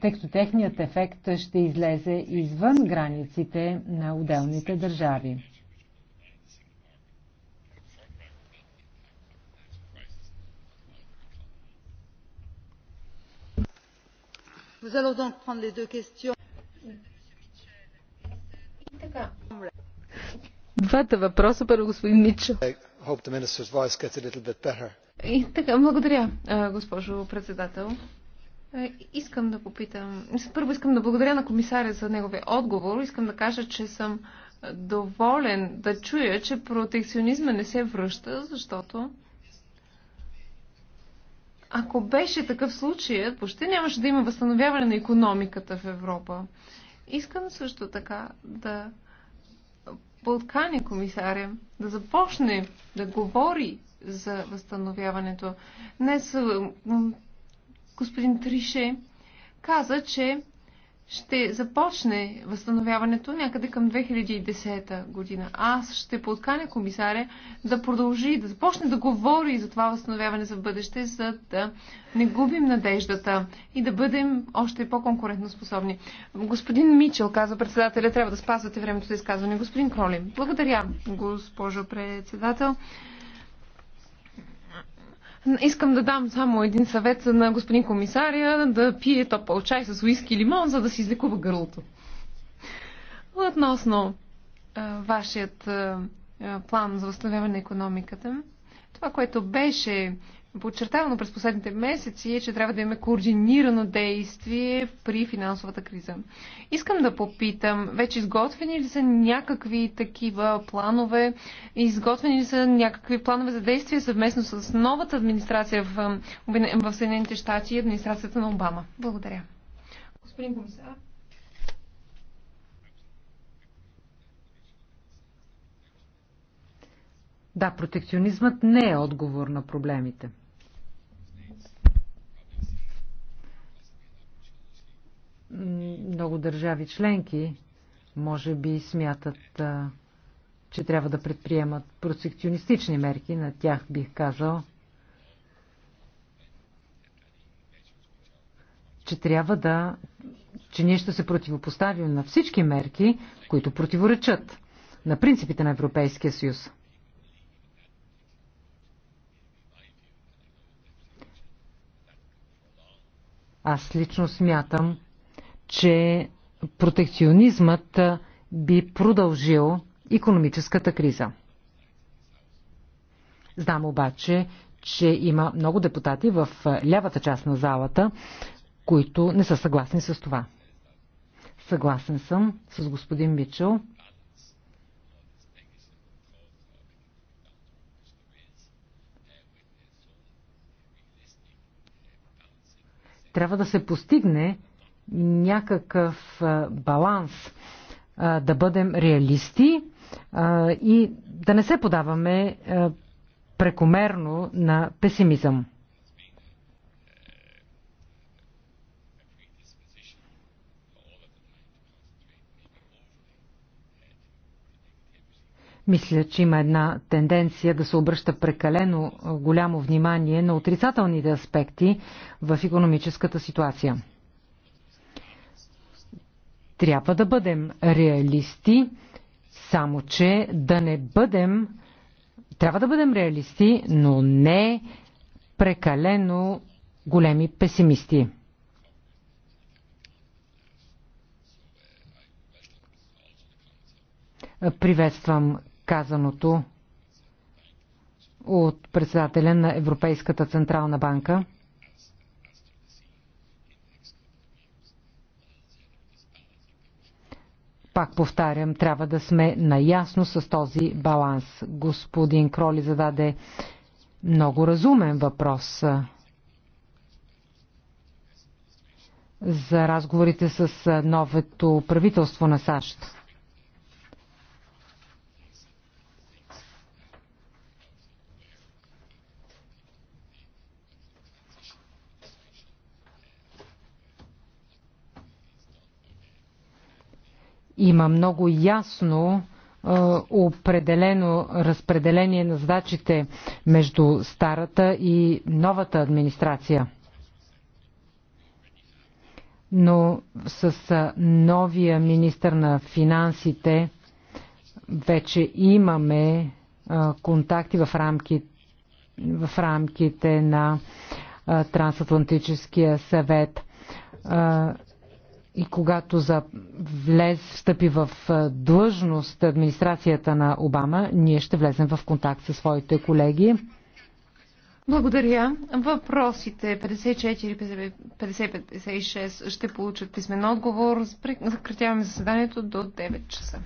Speaker 2: тъй като техният ефект ще излезе извън границите на отделните държави. Nous allons donc prendre les deux questions.
Speaker 3: Така. Двата въпроса. Първо господин Мичо.
Speaker 1: И така, благодаря, госпожо председател. Искам да попитам. Първо искам да благодаря на комисаря за неговия отговор. Искам да кажа, че съм доволен да чуя, че протекционизма не се връща, защото ако беше такъв случай, почти нямаше да има възстановяване на економиката в Европа. Искам също така да подканя комисаря да започне да говори за възстановяването. Днес господин Трише каза, че ще започне възстановяването някъде към 2010 година. Аз ще подканя комисаря да продължи, да започне да говори за това възстановяване за бъдеще, за да не губим надеждата и да бъдем още по-конкурентно способни. Господин Мичел, каза председателя, трябва да спазвате времето за изказване. Господин Кролин, благодаря, госпожо председател. Искам да дам само един съвет на господин комисаря да пие топъл чай с уиски и лимон, за да си излекува гърлото. Относно а, вашият а, план за възстановяване на економиката, това, което беше подчертавано през последните месеци е, че трябва да имаме координирано действие при финансовата криза. Искам да попитам, вече изготвени ли са някакви такива планове, изготвени ли са някакви планове за действие съвместно с новата администрация в, в Съединените щати и администрацията на Обама? Благодаря. Господин комисар.
Speaker 2: Да, протекционизмът не е отговор на проблемите. Много държави членки може би смятат, че трябва да предприемат протекционистични мерки, на тях бих казал, че трябва да, че ние ще се противопоставим на всички мерки, които противоречат на принципите на Европейския съюз. Аз лично смятам, че протекционизмът би продължил економическата криза. Знам обаче, че има много депутати в лявата част на залата, които не са съгласни с това. Съгласен съм с господин Мичел. Трябва да се постигне някакъв баланс, да бъдем реалисти и да не се подаваме прекомерно на песимизъм. Мисля, че има една тенденция да се обръща прекалено голямо внимание на отрицателните аспекти в економическата ситуация. Трябва да бъдем реалисти, само че да не бъдем. Трябва да бъдем реалисти, но не прекалено големи песимисти. Приветствам казаното от председателя на Европейската централна банка. Пак повтарям, трябва да сме наясно с този баланс. Господин Кроли зададе много разумен въпрос за разговорите с новото правителство на САЩ. Има много ясно определено разпределение на задачите между старата и новата администрация. Но с новия министр на финансите вече имаме контакти в рамки, в рамките на Трансатлантическия съвет и когато за влез, встъпи в длъжност администрацията на Обама, ние ще влезем в контакт със своите колеги.
Speaker 1: Благодаря. Въпросите 54-55-56 ще получат писмен отговор. Закратяваме заседанието до 9 часа.